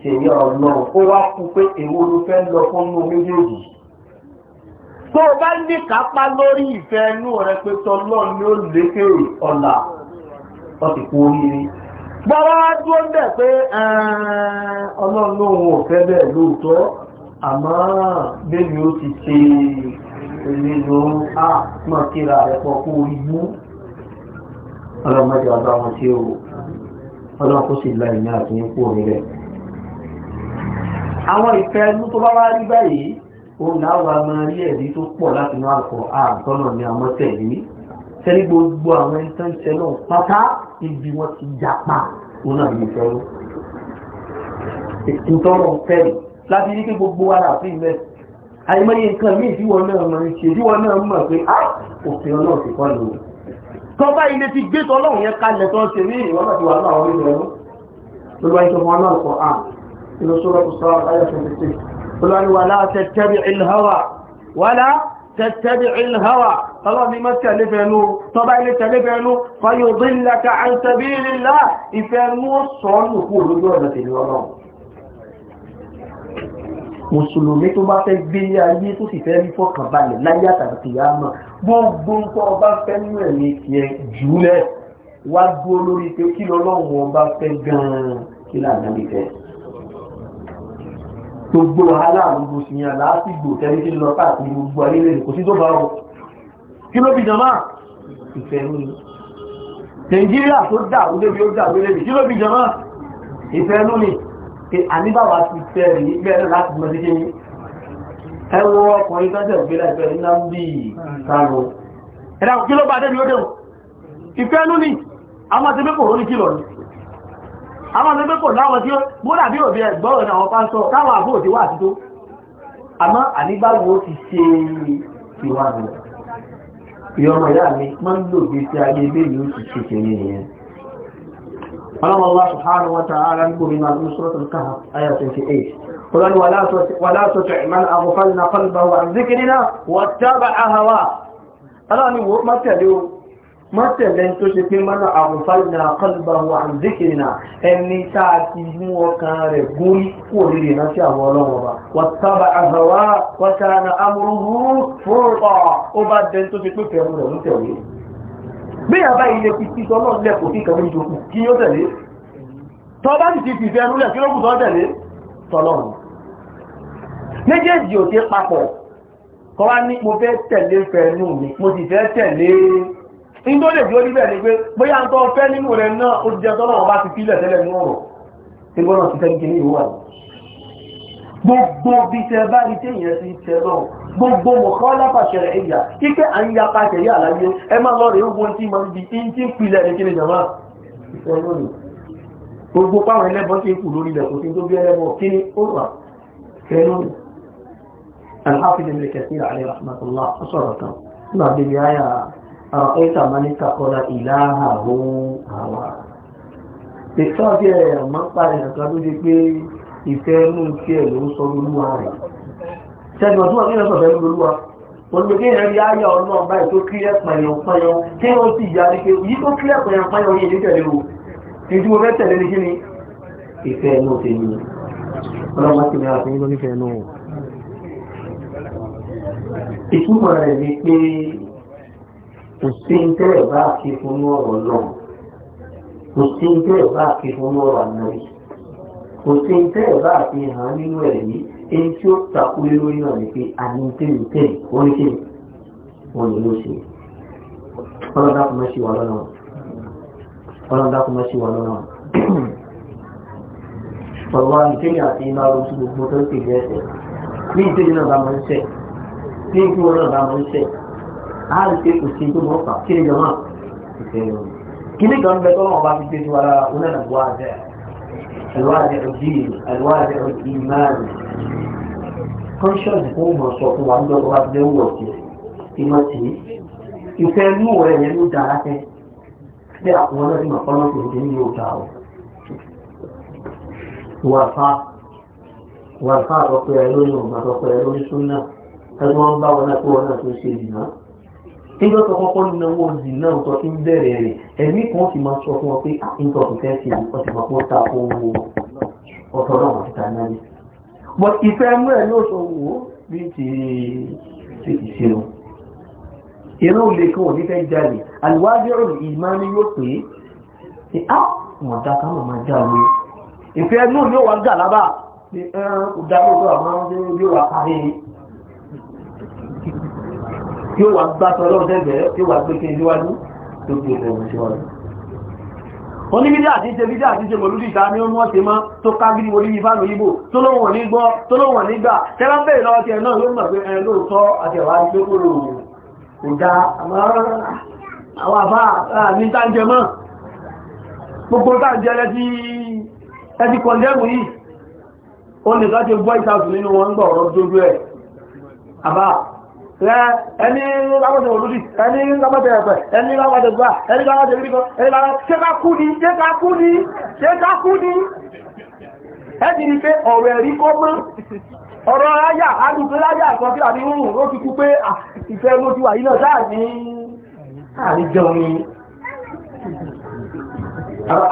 Speaker 1: ṣẹ̀yà ọlọ́run ó wá kú pé èwo ló fẹ́ lọ fún inú méjèèjì tó o bá ní kápá lórí ìfẹ́ inú rẹ pé tọ́lọ́ ni ó lékè ọ̀la ọ̀sìn kú oríire gbọ́wọ́ dúró ń bẹ̀ pé ọlọ́run lóun ò fẹ́ bẹ́ẹ̀ lóòótọ́ àmọ́ bẹ́ẹ̀ni ó ti ṣe èlé lóun á mọ̀ kíra rẹ̀ pọ̀ kó orí mú ọlọ́mọdé ọba wọn tí ó ọlọ́run kó sì láì ní àtúnyẹ́kù omi rẹ̀ àwọn òun láwà máa rí ẹ̀rí tó pọ̀ láti inú àpọ̀ àtọ́nà ni àwọn tẹ̀lé tẹ́lẹ̀ gbogbo àwọn ẹni tó ń tẹ náà pátá ibi wọn ti jàpá òun náà lè fẹ́ lọ. ìtọ́rọ̀ fẹ́rẹ̀ láti rí pé gbogbo wa rà sí ilẹ̀ àìmọye nǹkan míì tí wọn náà máa ń ṣe tí wọn náà mọ̀ pé á ah, òfin ọlọ́run ti kọ́ lò ó. tọ́ba ilé ti gbé tọ́lọ́run yẹn kalẹ̀ tó ń ṣe ní ìwọ́n náà ti wà láwọn ilé ẹ̀rọ lọ́wọ́ ìjọba náà kọ́ à ìlọsọ́rọ̀ kò sọ olórí wà láà tẹ́tẹ́bì ìlhọ́wà wàlá tẹ́tẹ́bì ìlhọ́wà ọlọ́ni mọ́tẹ̀lẹ́fẹ́nu tọba ilé tẹ́lẹ́fẹ́nu fayọ̀dínlẹ́ka àìsẹ̀bílélá ìfẹ́nu sọ́ọ̀nù kú olójú ọ̀dọ̀ tẹ̀lé ọlọ́run mùsùlùmí tó bá fẹ́ gbé ayé tó sì fẹ́ rí fọkànbalẹ̀ láyé àtàkì àmọ́ gbogbo nǹkan ọba fẹ́ nú ẹ̀mí tiẹ̀ jùlẹ̀ wá dúró lórí pé kí lọ́lọ́run ọba fẹ́ gan-an kí láàrín àbífẹ́ gbogbo wàhálà gbogbo ṣìyàn lásìgbò tẹ́lẹ̀ tí lọ káàkiri gbogbo ayélujára kò sí tó bá wọn kí ló fi jọmọ́ ìfẹ́ ní nàìjíríà tó dà ó débi ó dà ó lébi kí ló fi jọmọ́ ìfẹ́ ní ni pé àníbàwà ti fẹ́ rí ìgbẹ́ náà láti mọ sí kéyìn ẹ wọ ọkùnrin tó ń tẹ̀wé láìpẹ́ ní náà ń bí ìkarùn-ún ẹ̀dá kí ló bá débi ó dẹ̀wò ìfẹ́ ní ni àwọn àti pé àwọn ọmọ ẹgbẹ́ pọ̀ láwọn tí ó bóòdà bí òbí ẹgbọ́rọ̀ ní àwọn pásọ táwọn àbó òtí wà tító àmọ́ ànígbàgbò ti ṣe ìwà rẹ̀ ìyọmọ ìyá mi máa ń lò gbé sí ayé ilé yóò ti ṣe kéré yẹn ọlọ́mọlá subhanahu wa ولا تطع من أغفلنا قلبه عن ذكرنا واتبع هواه ألا نقول má tẹ̀lé tó ṣe pé mọ́nà àwòfáìnà kọlùbàwò àǹdíkìrìnà ẹni táà ti mú ọkàn rẹ̀ gúrí kò lè rìnà sí àwọn ọlọ́wọ́n bá wàtàbà àzọ̀wá wàtàrà amúrúhú fúrúkọ̀ ó bá dẹ̀ tó ṣe pé fẹ̀rù rẹ̀ ń tẹ̀lé bí àbá ilé fi ti sọ́nà lẹ̀ kò sí kàwé ìjòkù kí ó tẹ̀lé tọ́ bá ti fi fẹ́ rúlẹ̀ kí ló kù sọ́ tẹ̀lé tọ́lọ́run mo fẹ́ fẹ́ tẹ̀lé ní tó lè dúró níbẹ̀ ni pé bóyá ń tọ́ fẹ́ nínú rẹ̀ náà ó jẹ́ tọ́lọ́ ọba ti fílẹ̀ tẹ́lẹ̀ ní ọ̀rọ̀ tí gbọ́nà ti tẹ́ kíní ìwà gbogbo bí tẹ bá rí tí èèyàn ti tẹ lọ gbogbo mọ̀kọ́ lápàṣẹ rẹ̀ ìyà kíkẹ́ à ń yapa tẹ̀yà àlàyé ẹ máa lọ rẹ̀ ogun ẹlẹ́bọn tí ń kù lórí ilẹ̀ kò sí bí ẹlẹ́bọn kí ni ó wà kẹlónì alhafi lè kẹsí àlẹ́ rahmatullah sọ̀rọ̀ kan nígbà bíbi ayà àkọ́ta mọ́níkà kọ́lá ìlàáhà ohun àwà ìtọ́jú ẹ̀yà máa ń parí nǹkan tó di pé ìfẹ́ mú kí ẹ̀ ló ń sọ lóluwà rẹ̀ sẹ́nu ọdún ọdún ìrẹsọ̀ fẹ́ lóluwà wọ́n lè kéèyàn rí ayé ọ̀nà ọba ètò kílẹ̀ pẹ̀yàn pẹ̀yàn tí ó sì yá ní pé yí tó kílẹ̀ pẹ̀yàn pẹ̀yàn yìí ní tẹ̀lé o ìdí mo fẹ́ tẹ̀lé ní kí ni ní pé kò sí ní tẹ́lẹ̀ bá fi fún ọ̀rọ̀ lọ́wọ́ kò sí ní tẹ́lẹ̀ bá fi fún ọ̀rọ̀ ànáyì kò sí ní tẹ́lẹ̀ bá fi hàn nínú ẹ̀ yìí èyí tí ó takú lé lórí náà ni pé àní tẹ́lẹ̀ tẹ́lẹ̀ wọ́n ní tẹ́lẹ̀ wọ́n ní ló ṣe ọlọ́dà kò má ṣe wà lọ́nà ọlọ́dà kò má ṣe wà lọ́nà ọ̀rọ̀ ìtẹ́lẹ̀ àti iná ló ti gbogbo tó ń pè ní ẹsẹ̀ ní ìtẹ́lẹ̀ náà bá máa ń ṣẹ̀ ní ìtẹ́lẹ̀ náà bá máa ń ṣẹ̀ á rí pé kò sí tó mọ́ fà kí ni jọ náà kò sí ẹ̀rọ kí ni kan bẹ tọ́lọ́wọ́ bá fi gbé sí wàrà onáà nà wà dẹ́ alwáàdẹ́ ọ̀dìn alwáàdẹ́ ọ̀dìn máàlì conscience kó mọ̀ sọ fún wa ń dọ́gbọ́n bá fi dé wúwọ̀ sí ìmọ̀ sí ìfẹ́ mú rẹ̀ yẹn ló dára fẹ́ bí àwọn náà ti fọ́nà tó ti ní yóò ta ọ wàfà wàfà àtọ́pẹ́ ẹ lórí ọ̀gbà àtọ́pẹ́ ẹ lórí súnà ẹgbẹ́ wọn bá wọn náà kó wọn náà tó ṣe ìdìmọ́ nígbà tó kọ́kọ́ náwó ọ̀dì náà tó ti ń bẹ̀rẹ̀ rẹ̀ ẹ̀mí kan sì máa sọ fún ọ pé ah, nǹkan kò fẹ́ ṣe ọ̀sẹ̀ máa pọ́n ta owó ọ̀tọ̀ náà wọ́n ti ta náà ni. but ìfẹ́ mú ẹ̀ yóò sọ wò ó bí ti ṣe ìṣirò. irú ilé kan ò ní fẹ́ jalè àlùwájú ọ̀rọ̀ ìmá ni yóò pè é á mọ̀ dá ká mọ̀ máa jalè. ìfẹ́ náà yóò wá gà lábà ẹ̀ ẹ̀ kò dá lóòótọ́ àmọ́ yóò wá parí tí ó wà gbá tọ́ lọ́wọ́ sẹ́gbẹ̀ẹ́ tí ó wà gbé kí níwájú tó kí ẹ̀rọ síwájú wọ́n ní bídá àti ṣe bídá àti ṣe mọ̀lúdì ìta ní ọmọ ṣe máa tó ká gidi wọlé yìí fánà yíbò tó lóhùn ní gbọ́ tó lóhùn ní gbà tẹ́lá bẹ́ẹ̀ lọ́wọ́ ti ẹ̀nà yóò mọ̀ pé ẹ̀rọ lóòótọ́ àti ẹ̀wà tó kúrò kò dá àwọn àbá ní táǹjẹ mọ́ gbogbo táǹjẹ lẹ́tí ẹti kọ̀ndẹ́mù yìí ẹni lábàtẹ̀ olórí ẹni lábàtẹ̀ ẹ̀fẹ̀ ẹni lábàtẹ̀ gbà ẹni lábàtẹ̀ ìrìkọ ẹni lábàtẹ̀ ṣẹ́kakú ni ṣẹ́kakú ni ṣẹ́kakú ni ẹni ni pé ọ̀rọ̀ ẹ̀rí kọ́ mọ́ ọ̀rọ̀ ayà adùnkẹ́ láyà kan kí àbí rúrùn ó ti kú pé ìfẹ́ ló ti wà yìí náà sáà ní àríjọ ni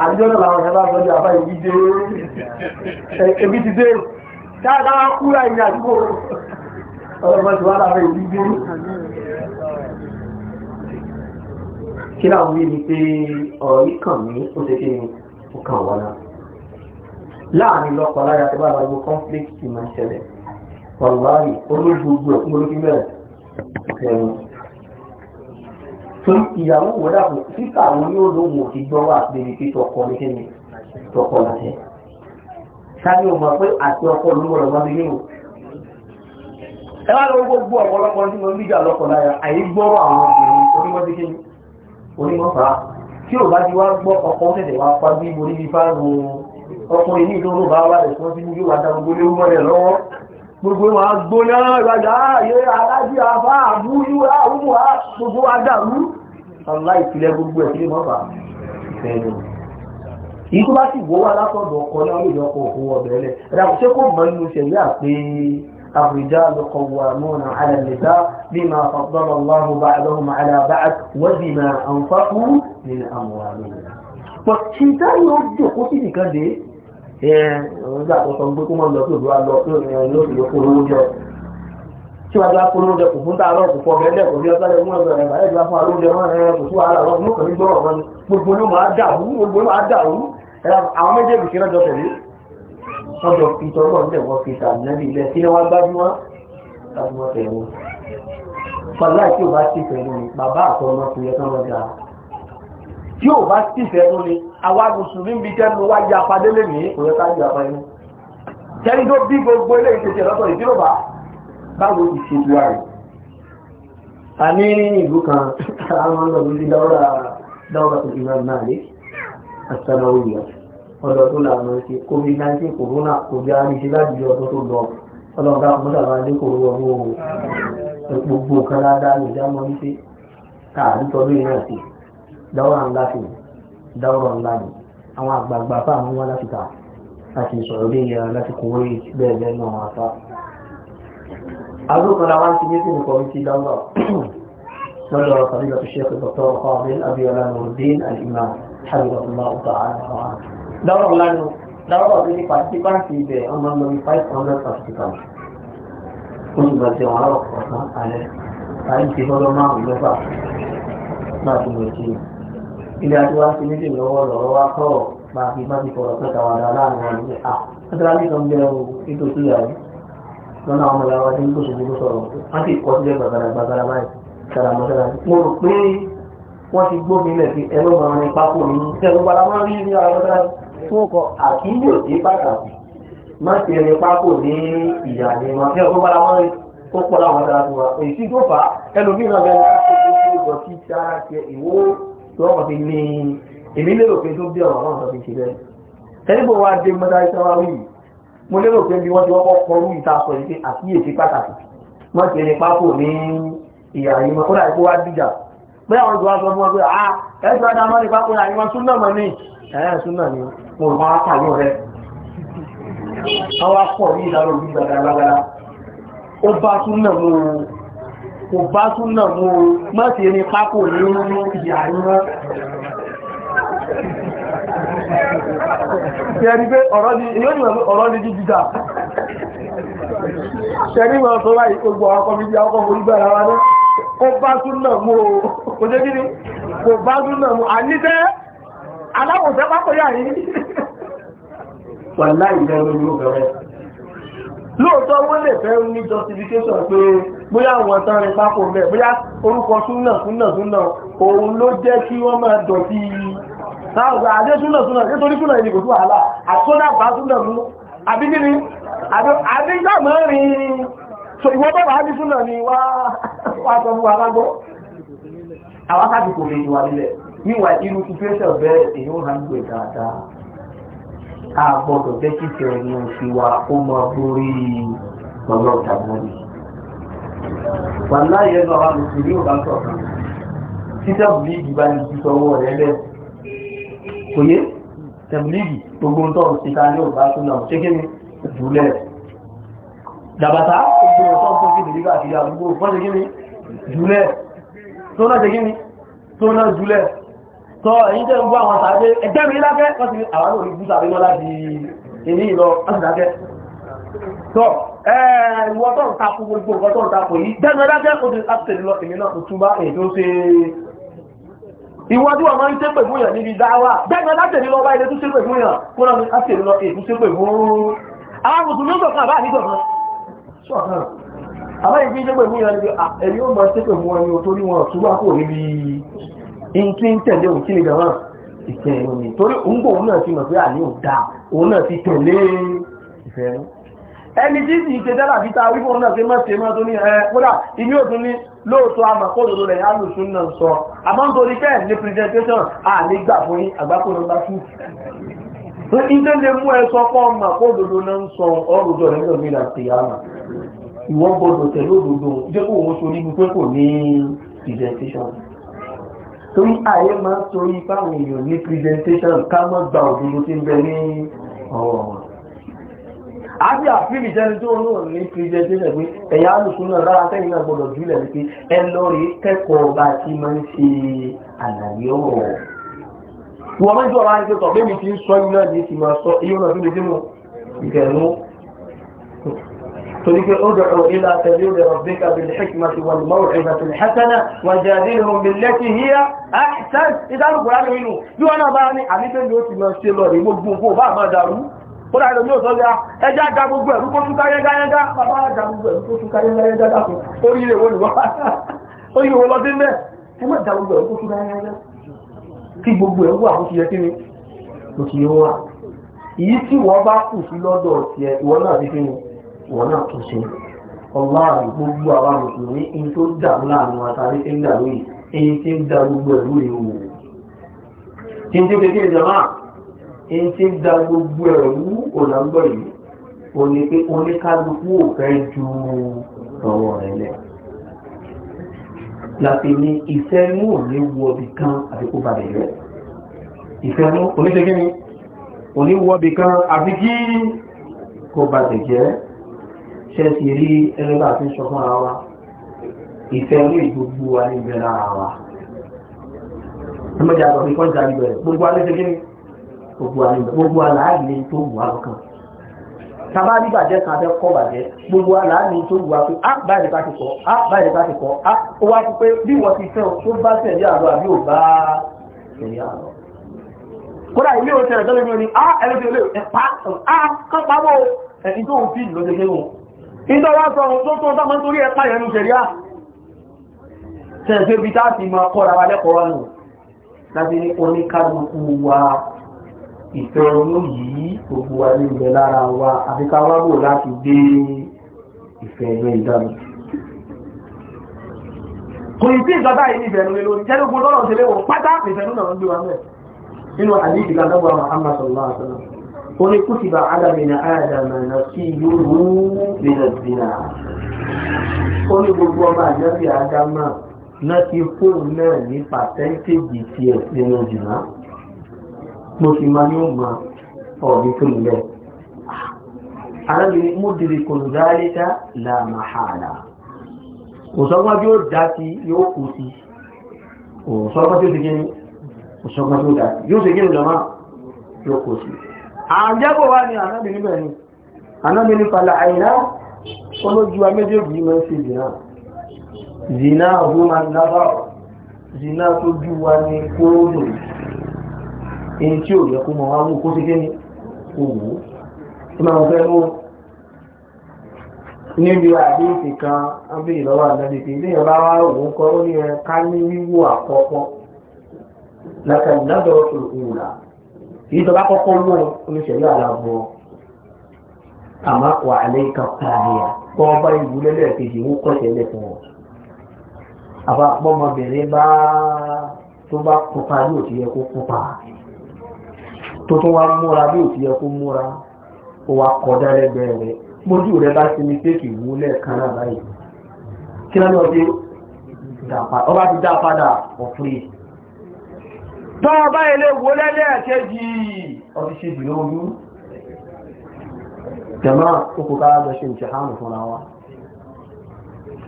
Speaker 1: àríjọ náà làwọn ẹ̀rọ àgbọ̀dọ̀ àbá ìbí dé ebi ti dé ọlọ́pàá ti wá láàárọ̀ ìlú gbúrú kí láwọn wí ni pé ọ̀rọ̀ yìí kàn mí ó ṣe kí ni ó kàn wọ́n náà láàrin lọ́pọ̀ lára tó bá gbogbo conflict ti máa ṣẹlẹ̀ wàlúwàlì olóògbogbo ẹ̀kún olókí bẹ̀rẹ̀ ọ̀kẹ́rin fún ìyàwó wọ́dà kò síta àwọn yóò lóhùn òkè gbọ́ wà débi pé tọkọ ní kí ni tọkọ láti sáré o mọ̀ pé àti ọkọ ló wọ̀rọ̀ wá nílé ẹ wá lọ gbogbo ọ̀pọ̀lọpọ̀ tí mo ń bíjà lọ́kọ̀ láyà àyè gbọ́rọ̀ àwọn obìnrin onímọ̀tí kí onímọ̀fà tí ò bá ti wá gbọ́ ọkọ̀ tẹ̀tẹ̀ wá pa bí mo níbi fáàrù ọkùnrin ní ìdúró bá wà lẹ̀ fún sínú yóò wá da gbogbo léwu mọ́lẹ̀ lọ́wọ́ gbogbo máa gbóná ìrajà ààyè alájí afá àbúrú àwùmù á gbogbo wa dàrú ọ̀la ìpìlẹ̀ gbogbo الرجال قوامون على النساء بما فضل الله بعضهم على بعض وبما أنفقوا من
Speaker 2: أموالهم
Speaker 1: فالشيطان يرجع قصدي كده ìgbà àkọ́sọ̀ gbé kó mọ́ lọ sí òdúwà lọ ló tí wọ́n já kúrò oúnjẹ kò fún tààrọ̀ kò fọ́ bẹ́ẹ̀ kò bí ọ̀sán ẹ̀mú ẹ̀sán ẹ̀bà ẹ̀dùn afọ́ alóúnjẹ wọn ẹ̀rọ kò fún ara wọn mú kàn ní gbọ́rọ̀ wọn gbogbo ló máa dàrú gbogbo ló máa dàrú àwọn méjèèjì kí náà jọ tẹ̀lé sọ́dọ̀ fi tọ́lọ́ ń lẹ̀wọ́ fi tà nẹ́bí ilẹ̀ kí ni wọ́n gbájúmọ́ gbájúmọ́ tẹ̀wọ́ pàlá tí ò bá sì fẹ́nu ni bàbá àtọ́nà kò yẹ kán lọ́jà tí ò bá sì fẹ́nu ni àwa mùsùlùmí ń bi tẹ́nu wá ya padé lẹ́nìí kò yẹ ká yà pa inú tẹ́ni tó bí gbogbo eléyìí ní ìlú kan àwọn ọ̀dọ̀ tó lànà ṣe covid-19 corona kò jẹ́ àríṣe láti yọ ọdún tó lọ ọlọ́ọ̀dá mọ́sàlá ní kòrò ọwọ́ gbogbo kan ládá ní ìjámọ́ wípé káàrí tọ́lú ìrìn àti dáwọ́rà ńlá fi dáwọ́rà ńlá ni àwọn àgbààgbà fáà mú wá láti ta láti sọ̀rọ̀ bí ìyára láti kó orí bẹ́ẹ̀ bẹ́ẹ̀ náà wọn fa. agbókanra wá sí ní kíni kọrí sí dáwọ́rà lọ́dọ̀ kàbílà tó ṣe é pé dr kọ́ọ̀bí abiola nurdin alimá hàbíbà tó àwọn àwọn àti dọ́rọ̀ lánàá dọ́rọ̀ tó ní pàtíkàǹtì ibẹ̀ ọmọ ọmọ mi five hundred pàtíkàǹtì ó sì gbà sí àwọn àrọ̀ ọ̀sán alẹ́ láì ti lọ́dọ̀ márùn-ún mẹ́fà náà ti lè ṣe ilé àti wá sí méjì lọ́wọ́ lọ́wọ́ wá kọ́ máa fi bá ti fọ̀rọ̀ pẹ́ta wà dá láàrin wọn ní à nítorí àti kan bẹ́ẹ̀ o ètò sí ìyàwó lọ́nà àwọn ọmọ ìyàwó àti nígbòsò gbogbo sọ̀rọ̀ wọ́n ti kọ́ sílẹ̀ gbàgbàrà gbàgbàrà báyìí sàrà mọ́sára mo rò pé wọ́n ti gbóbi lẹ̀ sí ẹlọ́gbọ̀n ní pákó ní ṣẹ́gun padà máa rí ní àwọn mọ́sára fún ọkọ̀ àkíyè sí pàtàkì má ti ẹni pákó ní ìyá ni wọn fẹ́ ó bára wọn ó pọ̀ láwọn dára fún wa èyí tí tó fà á ẹlòmíì náà bẹ́ẹ̀ ní ọjọ́ tí sára tiẹ̀ ìwó tí wọ́n fi ní èmi lérò pé tó bí ọ̀rọ̀ náà sọ fi ṣe bẹ́ẹ̀. tẹ́lifò wa dé mọ́tà ìṣẹ́wá wí mo lérò pé bí wọ́n ti wọ́pọ̀ kọrú ìta sọ yìí pé àkíyè sí pàtàkì má ti ẹni pákó ní ah, ni wọn kó dà ẹ̀yà súnà ni mo máa ń pàlọ́ rẹ̀ àwọn akọ̀ ní ìdáwọ̀ orí gbàgbàgbàgbà ó bá súnà mú o kò bá súnà mú o má sì ní pápò ní ìyá iná ṣẹ́rí pé ọ̀rọ̀ ni yóò ni jíjíjà ṣẹ́rí wọn tó láì gbogbo àwọn kọmíjì àwọn kọmọ orí gbàgbà wa náà ó bá súnà mú o kò jẹ́ kí ni kò bá súnà mú a níṣẹ́ aláwọ̀ fẹ́ pápọ̀ yà rí wàlá ìbẹ̀rù ni ó bẹ̀rẹ̀ lóòótọ́ wọ́n lè fẹ́ ní justification pé bóyá àwọn tán rí pápọ̀ mẹ́ bóyá orúkọ súnà súnà súnà òun ló jẹ́ kí wọ́n máa dọ̀tí sáàgbà adé súnà súnà nítorí súnà ìdí kò sí wàhálà àtúndà bá súnà mú àbí kí ni àbí gbàmọ́ rin so ìwọ́n bọ̀ wá ní súnà ni wá sọ fún wa lágbọ́ àwọn sáàbì kò lè wà nílẹ̀ wíwà irú situation bẹ́ẹ̀ èyí ó hàn gbé dáadáa a gbọ́dọ̀ jẹ́ kí tẹ̀lé ìwà ó máa borí lọ́lọ́ ìtàgbọ́nì. wàlá yẹn lọ àwọn mùsùlùmí ò bá sọ̀kan títẹ̀ bùlíìgì bá ní sísọ owó rẹ̀ lẹ̀ kò yé tẹ̀bùlíìgì gbogbo ń tọ́rọ síta ní ò bá súnà ṣé kí ni ìbúlẹ̀ dàbàtà gbogbo ọ̀tọ́ tó kéde nígbà àti ìyá àdúgbò fọ́n ṣe kí ni ìbúlẹ̀ tó náà ṣe kí ni tó náà ìbúlẹ̀ sọ èyí jẹ́ gbọ́ àwọn sàájẹ́ ẹgbẹ́ mi lákẹ́ wọ́n ti àwọn olórí bú sàájẹ́ lọ́lá di ilé ìlọ ọ̀sìdákẹ́ sọ ìwọ tó ń takò gbogbo nǹkan tó ń takò yìí jẹ́nu ẹdákẹ́ ó ti láti lọ èmi náà tó túbá èyí tó ṣe ìwọ tí wọ́n máa ń ṣe pè fún yàn níbi dáwà jẹ́nu ẹdákẹ́ ní lọ́wọ́ ilé tó ṣe pè fún yàn kó náà láti lọ èyí tó ṣe pè fún àwọn mùsùlùmí sọ̀kan àbá àníjọ̀ kan sọ̀kan àbá ìfi ṣe pè fún níbi ẹni máa ṣe pè fún wọn o torí wọn ò ntí ń tẹ̀lé òun kí ni gàmá ìfẹ́ ẹnu ni torí òun bò òun náà ti mọ̀ pé àní ò dáa òun náà ti tẹ̀lé ìfẹ́ ẹnu ẹni tí sì ṣe dára fi ta wípé òun náà ṣe máa ṣe máa tó ní ẹ kódà ìní òtún ní lóòótọ́ àmàkóòdòdó rẹ̀ alùsùn náà sọ àmọ́ nítorí kẹ́ ní presentation àlégbà fún yín àgbákò nọmba
Speaker 2: two
Speaker 1: ìdé lè mú ẹ sọ fún ọmọ àkóòdòdó náà ń sọ ọrùjọ rẹ̀ nílò mi láti yára ìwọ́n gbọdọ̀ tẹ̀lé òdòdó jẹ́ kó òun sọ níbi pé kò ní presentation torí ààyè máa ń torí fáwọn èèyàn ní presentation ká mọ́ gba òdúró tí ń bẹ ní ọ̀rọ̀ àti àfíìlì jẹ́ni tó ń lò ní presentation pé ẹ̀yà alùsùn náà rárá tẹ́yìn náà gbọ́dọ̀ jùlẹ̀ ní pé ẹ lọ rí kẹ́kọ̀ọ́ bá ti máa ń ṣe àlàyé ọ̀rọ̀ wọ́n mẹ́jọ́ ọ̀rọ̀ àti pé tọ̀ تلك ادعو إلى سبيل ربك بالحكمة والموعظة الحسنة وجادلهم بالتي هي أحسن إذا القرآن منه يو أنا باني أمي تنجي وتي ما شيء لوري مغبوغو با ما دارو ó dáadọ́ ní òtọ́lẹ́ à ẹjá ga gbogbo ẹ̀rú kó túnká yẹ́gá yẹ́gá bàbá ga gbogbo ẹ̀rú kó túnká yẹ́gá yẹ́gá dákùn orí ilé wo nìwọ́ orí ìwọ lọ́dún mẹ́ ẹ má da gbogbo ẹ̀rú kó túnká yẹ́gá kí gbogbo ẹ̀rú wà fún yẹ kí ni kò sì yẹ wọ́n wà èyí tí wọ́n bá kù sí lọ́dọ̀ tiẹ̀ ìwọ náà ti fi ni wọn náà tún ṣe ọláàrí gbogbo àwọn mùsùlùmí in tó dàrú láàrin wa tàbí tí ń dàrú yìí tí ń da gbogbo ẹ̀rú wò tí ń tí kékeré jama èyí tí ń da gbogbo ẹ̀rú òlàǹgbọ̀ yìí ò ní pé oníkálukú ò fẹ́ ju ọwọ́ rẹ̀ lẹ̀ láti ní ìfẹ́nú òní wọbi kan àti balẹ̀ rẹ̀ ìfẹ́nú oníṣẹ́gẹ́ni òní wọbi kan àti kí kó balẹ̀ jẹ́ ṣẹ́ẹ̀sì rí ẹgbẹ́gbà tí ń sọ fún ara wa ìfẹ́ orí ìgbogbo wa ní ìgbẹ́ lára wa ẹmọ́jà àgbà ìkọ́ ìjà ìbẹ̀rẹ̀ gbogbo alẹ́ ṣe kíni gbogbo alẹ́ ìbẹ̀rẹ̀ gbogbo aláàgbé tó wù wá lọ́kàn tàbá rí bàjẹ́ kan fẹ́ kọ́ bàjẹ́ gbogbo aláàgbé tó wù wá pé á ah, báyìí bá ti kọ́ á ah, báyìí bá ti kọ́ á ah, ó wá ti pé bí wọ́n ti fẹ́ tó bá tẹ̀lé àlọ́ àbí ò bá tẹ̀lé àlọ́ kódà ilé òṣèlú tẹ́lẹ̀ mi ò ní á ẹlẹ́dẹ̀ẹ́lẹ́ ẹ̀pá á kọ́ pamọ́ tó ń fi ìlọ́dẹ̀ẹ́lẹ́ ìjọ wá sọ ohun tó tó tọ́mọ́ torí ẹ̀pá ìrẹnu ṣẹ̀ríà tẹ́ẹ̀fẹ́ bí táàtì ma kọ́ra wa lẹ́kọ̀ọ́ nù láti ní oníkàlùkù wa ìfẹ́ olú yìí gbogbo wa ní ilẹ̀ lára wa àfikáwábò láti dé ìfẹ́ ẹgbẹ́ ìdánù kò ì sí ìgbàgbà yìí ní ìfẹ́nu lórí jẹ́ gbogbo lọ́rọ̀ ṣe léwọ̀ pátá ìfẹ́nu náà ń gbé wa mẹ́ nínú àdíjì kan dábọ̀ àwọn àmàṣọ̀lá àtọ́nà wọ́n ní kútìbà alábìnà àdàmà náà sí yóò bìnàbìnà ó ní gbogbo ọmọ àjọ́bí àdámà náà ti fóun náà ní pàtẹ́ńtéèjì ti ẹ̀sìn ní jùlá mo sì máa ní ó mọ ọ̀bí tó lẹ̀ alábìnrin mú dìrì kò dáríta làmàhàlà òṣọ́gbọ́n tí ó dá sí yóò kù sí òṣọ́gbọ́n tí ó ti gẹ́ni òṣọ́gbọ́n tí ó dá sí yóò ṣe gẹ́ni lọ́mọ́ yóò kù sí àjábò wá ní ànábì níbẹ̀ ni ànábì ní fàlà àìná olójú wa méjèèjì mọ́ sí ìdìnà zina huma náà zina tó jú wa ní kóòdù èyí tí ò yẹ kó mọ̀ wá wú kó síké ní òwú tí máa fẹ́ mú níbi àdéhìsì kan ábí ìlọ́wọ́ ànábì tí ilé ìyàbá wá òun kọ́ ó ní ẹ ká ní wíwò àkọ́kọ́ lákàlì lábẹ́ ọ̀tún òwúrà yìí tó bá kọ́kọ́ mú oníṣẹ̀lẹ̀ aláàbọ̀ àmọ́ wà lẹ́yìnká káàdìyà kọ́ ọba ìlú lẹ́lẹ́kejì ń kọ́ ìṣẹ̀lẹ̀ fún ọ. àbá ọmọbìnrin bá tó bá pupa bí ò ti yẹ kó pupa tó tó wá múra bí ò ti yẹ kó múra ó wá kọjá lẹ́gbẹ̀ẹ́ rẹ̀ mójú rẹ̀ bá ti ní séèkì wú lẹ́ẹ̀kan náà báyìí kí lọ́dọ̀ dé ọba ti dá padà ọ̀fun yìí tọ́ ọba ilé wo lẹ́lẹ́ ẹ̀kẹ́jì ọdí ṣe jù lóòrú jama okò kára lọ ṣe ìṣẹ̀hánù fúnra wa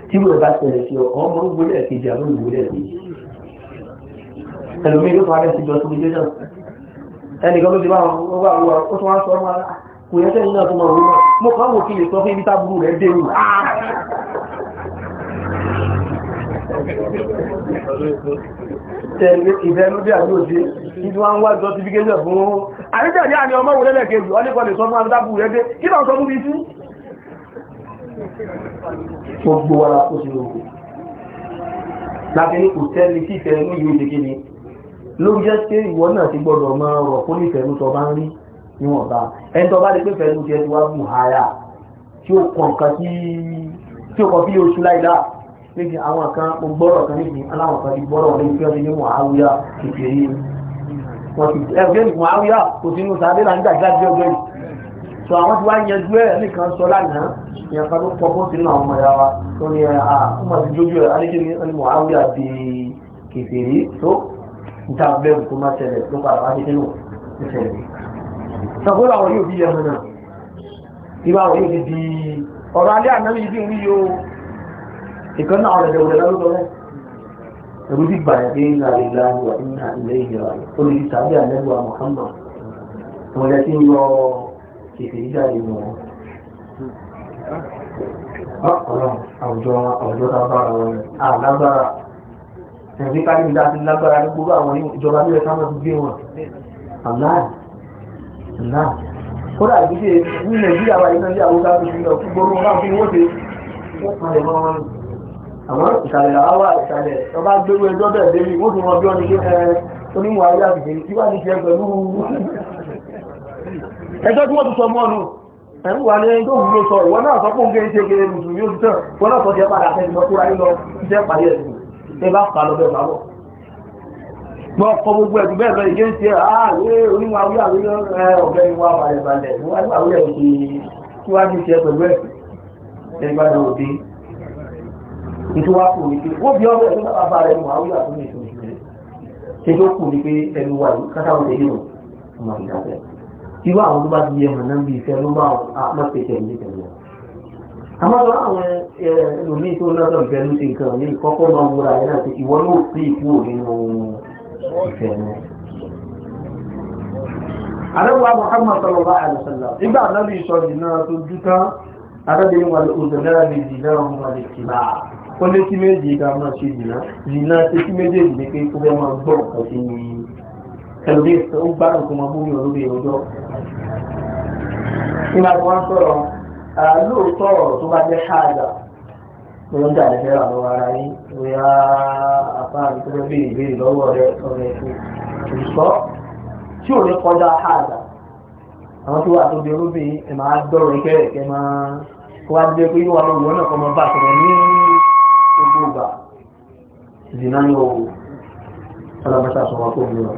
Speaker 1: tí wọ́n bá tẹ̀lẹ̀ sí ọmọ ìwòlẹ̀ ẹ̀kẹ́jì àwọn ìwòlẹ̀ ẹ̀kẹ́jì ẹlòmí ló parẹ́ sí ìjọsìn ilé náà ẹnìkan ló ti máa wọ́n wà wọ́n ó tún wá sọ wọn ah, kò yẹ sẹ́yìn náà tó máa wọ́n mọ́ kàn wò kí lè sọ fún ibi tábùrù rẹ̀ dé wù ah! tẹ̀lé ìfẹ́lúdé àti òṣè ìdí wọn wá jọ ti fíkẹ́ fún oó àríkàdé àní ọmọ òun lẹ́lẹ̀ kejì wọ́n nípa lè sọ fún àmìtàbù rẹ̀ dé kí náà sọ fún mi sí
Speaker 2: gbogbo wa kó
Speaker 1: sí ogun láti ní kò tẹ́lé sí ìfẹ́lú yìí ṣe kéde ló jẹ́ pé ìwọ náà ti gbọ́dọ̀ mọ ọ̀rọ̀ kó ní ìfẹ́lú tó bá ń rí níwọ̀n bá ẹni tó bá lè pé ìfẹ́lú ti ẹni wá bù háyà tí ó kàn kan sí tí ó kàn fi oṣù láìláà níbi àwọn kan mo gbọ́rọ̀ kan níbi aláwọn kan ti gbọ́rọ̀ ní fi ọdún ní Muawiya kékeré wọn ti ẹgbẹ́ ní Muawiya kò sínú sáré là ń gbà jáde ọgbẹ́ yìí sọ àwọn tí wá yanjú ẹ̀ nìkan sọ lánàá ìyẹn kan ló kọ́kọ́ sínú àwọn ọmọ ìyá wa tó ní ọmọ ti dójú ẹ̀ alẹ́jẹ́ ní Muawiya ti kékeré tó níta bẹ́ẹ̀ kó má ṣẹlẹ̀ ló padà wá kékeré ìṣẹ̀lẹ̀ sọ̀gbọ́n di ọ̀rọ̀ ìkan náà ọ̀rẹ́dẹ̀ òwúrẹ́ lọ́dọ̀ rẹ̀ ẹ̀rú bí gbà yẹn ní àrílá ìwà iná ilé ìyá rẹ̀ Muhammad wọn lẹ tí ń yọ kèfè jáde nù wọn. ọ̀rọ̀ àwùjọ àwùjọ lágbára wọn ni àlágbára ẹ̀rí ká níbi láti lágbára ní gbogbo àwọn ìjọba nílẹ̀ ká máa gbé wọn. aláì aláì kódà ìdíje ní Nàìjíríà wà ní Nàìjíríà àmọ́ ìsàlẹ̀ làwọn wà ìsàlẹ̀ tó bá gbé ẹjọ́ bẹ́ẹ̀ délé wọ́n tún wọn bí wọ́n ní ẹ onímọ̀ ayé àbìdè tí wà ní ṣe pẹ̀lú
Speaker 2: ẹjọ́
Speaker 1: tí wọ́n tún sọ mọ́nu ẹ̀rù wà ní tó wù ló sọ ìwọ náà sọ fún gé ṣe gẹ́gẹ́ mùsùlùmí oṣù tán wọ́n náà sọ jẹ́ padà fẹ́ lọ kúra lílọ jẹ́ pàdé ẹ̀sùn ẹ bá fà lọ bẹ́ẹ̀ báwọ̀ wọ́n kọ gbogbo ẹ̀dùn bẹ́ẹ̀ bẹ́ẹ̀ ìgé ń ṣe ààrẹ onímọ̀ awúyà ọ̀gbẹ́ ni wọ́n wà ìbàlẹ̀ wọ́n wà ìbàlẹ̀ òkè kí wá ní ṣe pẹ̀lú ẹ̀sùn ẹgbàdàn òde ètò wa kù ní pé wọ́n bí ọ̀rọ̀ ẹ̀sùn bàbá rẹ̀ ní wàhálà tó ní ìṣòro ìṣòro ṣe tó kù ní pé ẹnu wa yìí kásáwọn tẹ̀lé nù ọmọ ìdáfẹ́ irú àwọn tó bá ti yẹ mọ̀ náà bí ìfẹ́ ló máa mọ̀tẹ̀ tẹ̀lé tẹ̀lé àmọ́tọ́ àwọn ẹlòmíì tó náà sọ̀rọ̀ ìfẹ́ ló ṣe nǹkan ní kọ́kọ́ máa ń wúra yẹn àti ìwọ ló sí ìkú nínú ìfẹ́ náà. àdébùwà Muhammad sallallahu alaihi wasallam nígbà náà bí ìsọ̀rọ̀ náà tó dúkán adébẹ̀yìn wà lóòótọ́ náà bí ìdí náà wọn wà lè kí báà wọ́n lé sí méjì ká máa ṣe jìnnà jìnnà ṣe sí méjèèjì ni pé kó fẹ́ máa gbọ́ nǹkan sí i ẹlòmíì ó gbá nǹkan máa bú ní olóde ọjọ́. nígbà tí wọ́n sọ̀rọ̀ lóòótọ́ ọ̀rọ̀ tó bá jẹ́ ṣáàjà ló ń dàdé fẹ́ràn lọ́wọ́ ara yín bóyá apá àti tó fẹ́ béèrè ìbéèrè lọ́wọ́ rẹ ọ̀rẹ́ ẹ̀kọ́ ìṣọ́ tí ò ní kọjá ṣáàjà àwọn tó wà tó di olóbìnrin ẹ̀ máa dọ̀rọ̀ ikẹ́rẹ̀kẹ́ máa wá dé pé yóò wá lọ́wọ́ náà kọ́ máa bá àtọ̀rọ̀ ní ìgbà zina ní owó alamọ́ta sọ wọn tó ń lọ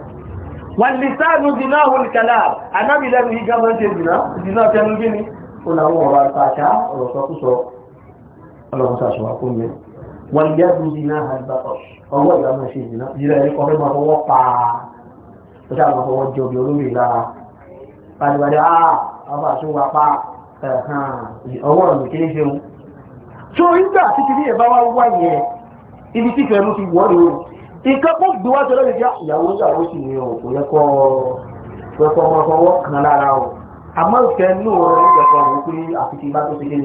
Speaker 1: wọ́n lè sáàlù zina òun kàlá anábì lẹ́nu yìí gámọ́ ṣe zina zina tẹnu gíní ó làwọn ọ̀rọ̀ àtàkà ọ̀rọ̀ sọkúsọ alamọ́ta sọ wọn tó ń lọ wọ́n lè yàgùn zina àgbàkọ̀ ọwọ́ ìyá máa ṣe zina zina ẹni kọ́ fẹ́ máa fọwọ́ pa ó sáà máa fọwọ́ jọ bí olómi lára ah ọba àṣùwà pa ọwọ́ ọ̀nà tó ìgbà tí kìí ẹ̀bá wá wá yẹn ibi tí kẹrù ti wọ́ rèé nǹkan kó gbé wá tọ́lọ́ ìdí ìyàwó ìyàwó sì ni òkú lẹ́kọ́ lẹ́kọ́ ọmọ ọwọ́ kan lára o àmọ́ ìfẹ́ inú rẹ̀ ń jẹ̀kọ́ wò pé àfi ti bá tó ṣe ní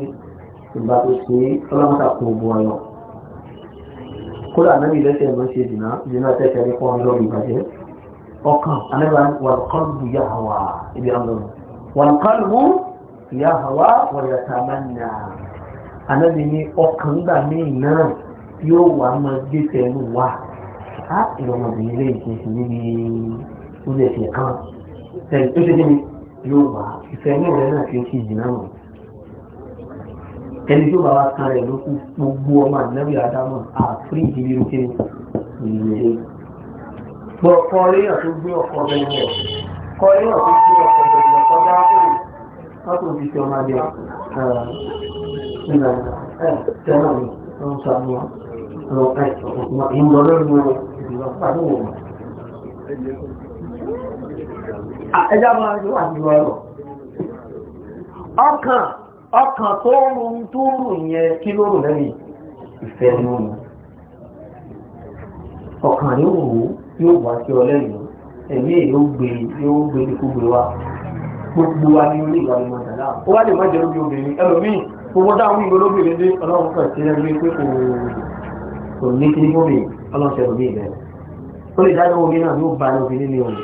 Speaker 1: ìgbà tó ṣe ọlọ́mọta kò bu ọyọ kódà anábì lẹ́sẹ̀ ló ṣe dìnnà dìnnà tẹ́tẹ́ ní fún ọjọ́ ìbàjẹ́ ọkàn anábì wàlúkọ́lù yà hàwà ibi àmọ́ wàlúkọ́lù yà hàwà wàlúkọ́lù yà hàwà ànábì ní ọkàn gbà míì náà yóò wà á máa gbé tẹnu wá á ìrọmọbìnrin lè jẹ sí níbi oúnjẹ ìfẹ́ kan tẹ̀lé tó ṣe kí ni yóò wà á ìfẹ́ ní ìrẹ́ náà fi ń ṣe ìjìnà wọn. ẹni tó bá wá kan rẹ̀ ló kú gbogbo ọmọ ànábì àdámọ̀ àfírí ìdílé oké ìrìnlẹ̀. gbọ́ ọkọ ríyàn tó gbé ọkọ bẹ́ẹ̀ bẹ́ẹ̀ kọ ríyàn tó gbé ọkọ bẹ́ẹ̀ bẹ́ẹ̀ kọjá kó 是的，哎，在那里，嗯，啥什么？说哎，我我我这是比较快速嘛。啊，哎，要不然就忘记说了。ọkàn ọkàn tó rùn tó rùn ọkụkọ kí ló ọkụkọ lẹ́yìn ìfẹ́ ọkụkọ ọ̀nà ọkụkọ yóò wò yóò wá ọkụkọ ọ lẹ́yìn ẹ̀mí ọkụkọ yóò wa gbogbo wa owó dáhùn ìgbó lóbìnrin dé ọlọ́run kan sí ẹgbẹ́ pé kò ní kí ní gómìn ọlọ́sẹ̀ òbí ìbẹ̀ ó lè dájọ́ omi náà yóò bá obìnrin ní òun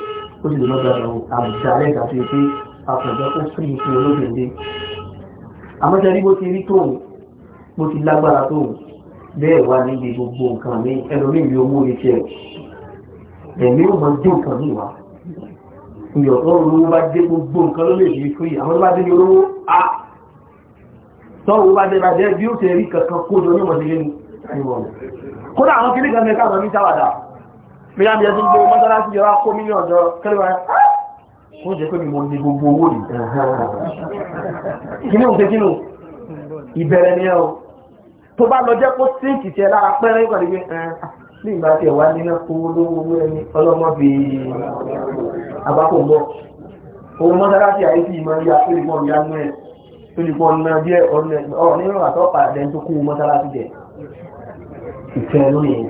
Speaker 1: ó sì lè lọ́gbà àbùdá lẹ́gbàá sí pé àpọ̀jọ́ ó fún ìfú olóbìnrin dé àmọ́ ṣe rí bó ti rí tóun bó ti lágbára tóun bẹ́ẹ̀ wá níbi gbogbo nǹkan mi ẹlòmíì ní owó ní tiẹ̀ ẹ̀mí ò mọ dé nǹkan mi olówó bá dé gbogbo nǹkan ló lè fi fún yìí bá dé ní olówó á tọ́rọ bá dẹ̀ bá dẹ̀ bí ó ṣe rí kankan kójọ ní ọmọdé lẹ́nu àìwọ̀n kódà àwọn kìnnì kan mẹ́ta àwọn ìṣàwàdà mìíràn bí ẹjọ́ gbogbo mọ́sálásí yọ wá kó mílíọ̀n ọjọ́ kẹlẹ́wà ó jẹ́ pé mo ní gbogbo owó ni
Speaker 2: kìnnì òun ṣe
Speaker 1: o tó bá lọ jẹ́ kó síǹkì tẹ lára pẹ́rẹ́ ìpàdé pé ah, ní ìgbà tí ẹ̀wà níná owó lówó owó ẹni ọlọ́mọ bí abákò ń bọ̀ owó mọ́sálásí àyè sí ìmọ̀ tó lè pọ̀ ọ̀nà bí ọ̀nà ìrọ̀ àtọ́pà ẹ̀dẹ̀ tó kú mọ́sálásí jẹ ìfẹ́ lónìí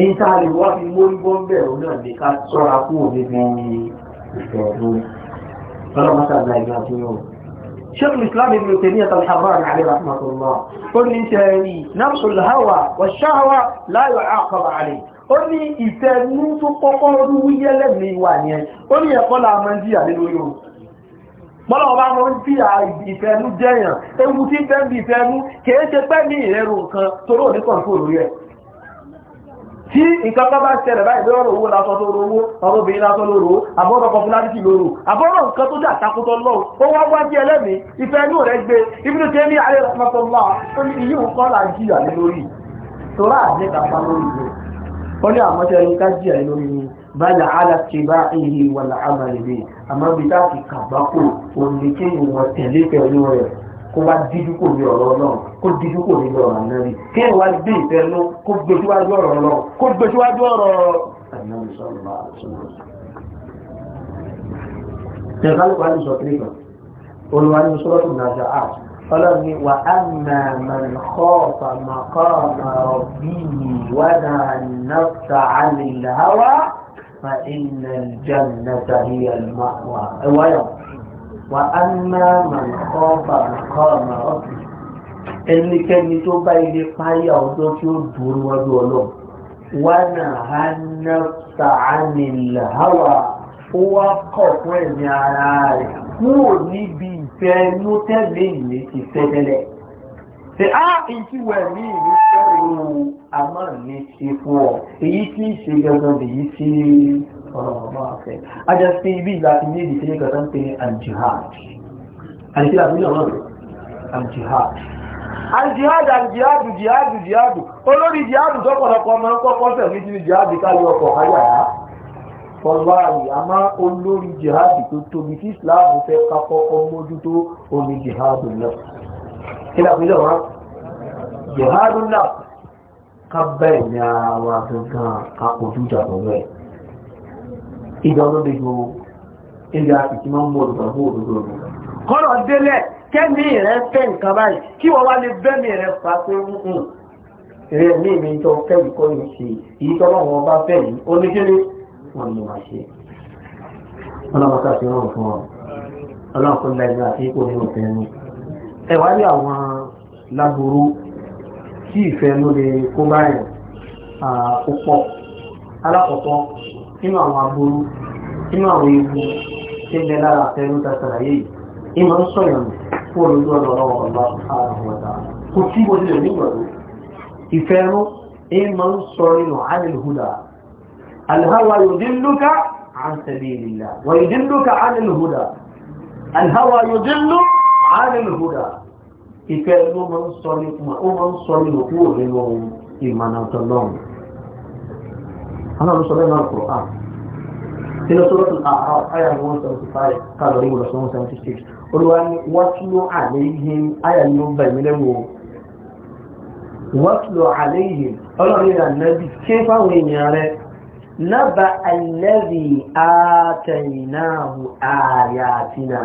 Speaker 1: èyí tá a lè wá fi mórí bọ́ bẹ̀rù náà lè ká sọ́ra kú òde bí ìfẹ́ lónìí ọlọ́mọsá àgbà ìgbà tó yọ شيخ الإسلام ابن تيمية الحراني عليه رحمة الله قل لي تاني نفس الهوى والشهوة لا يعاقب عليه ó ní ìfẹ́ ní tó kọ́kọ́ rú wíyẹ́lẹ́mìí wà ní ẹ ó ní ẹ̀kọ́ la máa nínú yóò bọ́lá ọba mọ́ bí i ìfẹ́nú jẹ́yàn ewu tí fẹ́ bí ìfẹ́nú kìí ṣe pẹ́ ní ìrẹ́rù nǹkan toró ní kọ̀ǹkó lórí ẹ̀ tí nǹkan bá bá ṣẹlẹ̀ báyìí lọ́rọ̀ owó lásọ tó rówó ọ̀rọ̀ obìnrin lásọ lóró àbọ̀rọ̀ popularity lóró àbọ̀rọ̀ nǹkan tó jà takútọ̀ lọ́wọ́ ó wá wá jẹ́ ẹlẹ́mì ìfẹ́ inú rẹ̀ gbé ibi tó tẹ́ ní alẹ́ àmọ́ bí tá a fi kàgbá kò òní kí ìwọ̀n tẹ̀lé pẹ̀lú rẹ̀ kó wá dídú kò ní ọ̀rọ̀ náà kó dídú kò ní ọ̀rọ̀ náà rí kí ẹ̀ wá gbé ìfẹ́ ló kó gbé síwájú ọ̀rọ̀ náà kó gbé síwájú ọ̀rọ̀ Tẹ̀sánlùpàá sọ pé kan, olùwà ní sọ́lọ́tù Nàìjà àt, ọlọ́run ni wà á nà màn kọ́ ọ̀pàmàkọ́ فإن الجنة هي المأوى أولا وأما من خاف مقام ربه ẹnikẹ́ni tó bá ilé páyà ọjọ́ tí ó dúró wájú ọlọ́run wánà hánàfà ánìlà háwà ó wá kọ̀ fún ẹ̀mí ara rẹ̀ kúrò níbi ìfẹ́ inú tẹ́lẹ̀ ìlé ti fẹ́ tẹ́lẹ̀ ṣe á ìtí wẹ̀ mí ìlú sẹ́rù àmọ́ ní ṣe fún ọ èyí tí í ṣe gẹ́gẹ́ bí èyí tí ọ̀rọ̀ ọ̀rọ̀ àfẹ́ ajá sí ibi ìgbà tí ní ìdíje nígbà tó ń pè ní aljihad àdìsí àbúrò náà rẹ̀ aljihad aljihad aljihad jihad jihad olórí jihad tọ̀pọ̀lọpọ̀ ọmọ ń kọ́kọ́ sẹ̀ ní ti jihad káyọ ọkọ̀ ayà yá fọláàrí àmọ́ olórí jihad tó tóbi tí Islam fẹ́ ká kọ́kọ́ mójútó omi jihad lọ́pọ̀ kí láti lọ wọn jihadu náà ká bẹ́ẹ̀ ní àwọn akẹ́kọ̀ọ́ ká kojú ìjà pẹ̀lú ẹ̀ ìjà olóde gbogbo ìjà àtìkí máa ń mú òdòdó fún òdòdó rẹ̀ kọ́nà délẹ̀ kẹ́mi rẹ̀ fẹ́ nǹkan báyìí kí wọ́n wá lè bẹ́mi rẹ̀ fà pé nǹkan rẹ̀ ní ìmì tó kẹ́mi kọ́ ní ṣe èyí tó ẹwà ní àwọn lágboro tí ìfẹ́ ló lè kó báyìí àkópọ̀ alákọ̀ọ́kọ́ nínú àwọn aburú nínú àwọn ewu tí ń bẹ lára àfẹ́rú tàtàrà yìí ìmọ̀ ń sọ̀yàn fún olójú ọ̀nà ọ̀rọ̀ ọ̀la àwọn ọ̀dà kò tí mo lè nígbàdo ìfẹ́rú ìmọ̀ ń sọ nínú alìhàwà yudilluka an sabilillah wà yudilluka alìlhùdà alìhàwà yudilluka àárín ìhúdà ìfẹ́ ló máa ń sọ ní kúmọ̀ ó máa ń sọ ní òkú òní lọ ìmọ̀nà ọ̀tọ̀ náà anáà ló sọ bẹ́ẹ̀ náà kọ̀ á nínú sọ́dọ̀tún àyà نبأ الذي آتيناه آياتنا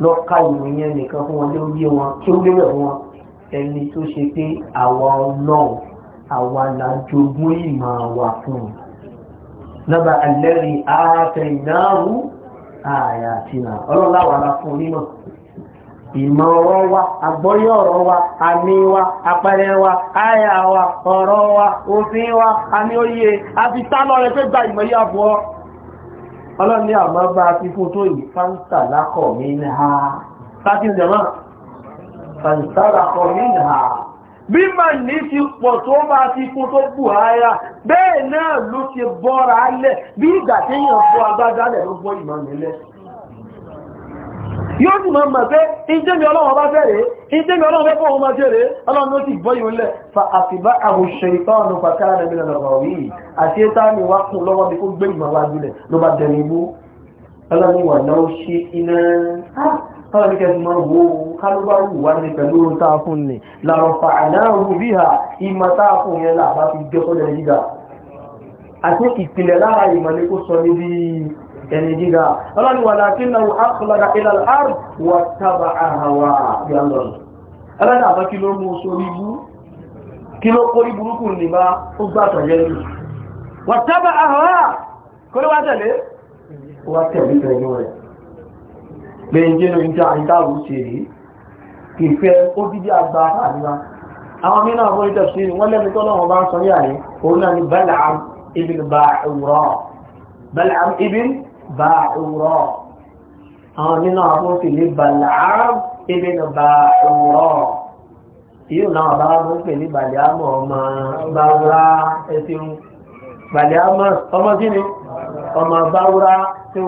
Speaker 1: lọ ká ìwé yẹn nìkan fún wọn lórí wọn kí ó lérò wọn ẹni tó ṣe pé àwa ọlọ́run àwa la jogún ìmọ̀ wa fún un. nọ́bà alẹ́rìí ààtẹ̀ ìnáwó ààyà àtinà ọlọ́lá wà lá fún onímọ̀ ìmọ̀ ọ̀rọ̀ wa àgbọ́yé ọ̀rọ̀ wa àmì wa àpẹẹrẹ wa àyà wa ọ̀rọ̀ wa òfin wa àmì òye àti sálọ rẹ fẹ́ gba ìmọ̀ yà fún ọ ọlọ́ni àmọ́ bá ti fún tó yìí fáńtà lákọ̀ mí ní ha sáti ń jẹmọ́ fáńtà lákọ̀ mí ní ha bí mà ní ti pọ̀ tó bá ti fún tó bù ara bẹ́ẹ̀ náà ló ti bọ́ra lẹ̀ bí ìgbà tí èèyàn fọ́ agbádá ló bọ́ ìmọ̀ nílẹ̀ yóò sì máa mọ̀ pé ìjẹ́mi ọlọ́run bá fẹ́ rèé ìjẹ́mi ọlọ́run fẹ́ fún ọmọ jẹ́ rèé ọlọ́run ló ti bọ́ ìwọ̀n lẹ̀ fa àtìbá àwòṣe ìtọ́ọ̀nù pàkàrà rẹ̀ mílẹ̀ lọ́rọ̀ yìí àti ẹ̀ta ni wá kún lọ́wọ́ bí kó gbé ìmọ̀ wá jùlẹ̀ ló bá dẹ̀rẹ̀ ibú ọlọ́run wà náà ṣe iná ọlọ́run kẹsì máa wo kálúbá wù wá ní pẹ̀lú ohun táa fún ni làrọ̀ fa àdáhùn bí ha ìmọ̀ táa fún yẹn là bá fi gbé sọ́dẹ̀ yíga àti ìpìlẹ̀ lára ìmọ̀ ni kó sọ níbi ẹni gíga ọlọ́ni wà lákínnáwó akọlọ́dà ilẹ̀ àrùn wà tábà àhàwà yàlọ́ ọlọ́ni àbá kí ló mú sórí ibú kí ló kórí burúkú nìbá ó gbà tọ̀jẹ́ ní wà tábà àhàwà kó ló wá tẹ̀lé wá tẹ̀lé pẹ̀lú rẹ̀ bẹ́ẹ̀ jẹ́ ló ń ta àyíkáwò ṣe rí kì í fẹ́ ó dídí ibn Ba'ura àwọn nínú àwọn fi lè Bala'am ibn Ba'ura yíò náà bá wọ́n pè ní Bala'am ọmọ Ba'ura ẹ̀sìn Bala'am ọmọ kí ni ọmọ Ba'ura tó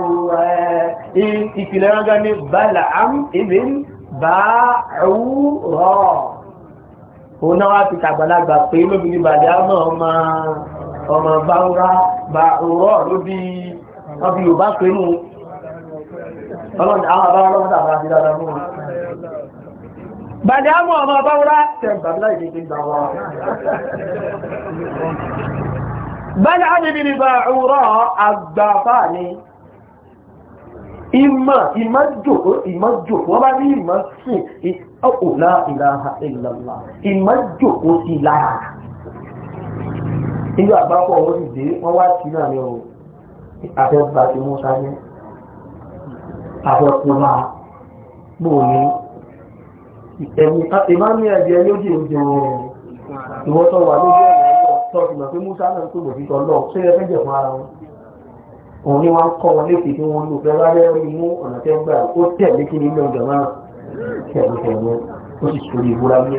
Speaker 1: ẹ̀ ìpìlẹ̀ ránga ní Bala'am ibn Ba'ura òun náà wá fi ní Bala'am wọ́n fi Yorùbá pé nù ọlọ́dà àwọn àbára lọ́wọ́dà àbára ti dáadáa fún wọn. Bàdámù ọmọ Báwúrá tẹ̀ bàbá ìdí ti gbà wá. Bàdá àdìdì ni Bàúrọ̀ àgbàfà ni. Ìmọ̀ ìmọ̀ jòkó ìmọ̀ jòkó wọ́n bá ní ìmọ̀ sìn ọ̀la ìlàhà ìlàlá ìmọ̀ jòkó sí lára. Ilé àgbápọ̀ wọ́n wọ́n wá sí náà ní ọ̀rọ̀ afẹ́gbà tí mú sáyé afẹ́kùn máa gbò ní ìmá ní ẹ̀jẹ̀ lójì òjò ìwọ́tọ̀ wà lójì ẹ̀rọ tọ́tùmọ̀ pé mú sáyé tó gbò títọ́ lọ sí ẹgbẹ́ jẹ̀ fún ara wọn òun ni wọ́n kọ́ wọn léèkì tí wọ́n lò fẹ́ lálẹ́ rí mú ọ̀nà tẹ́gbà ó tẹ̀lé kí nílò ìjọba tẹ̀lé tẹ̀lé ó sì sórí ìbúra ní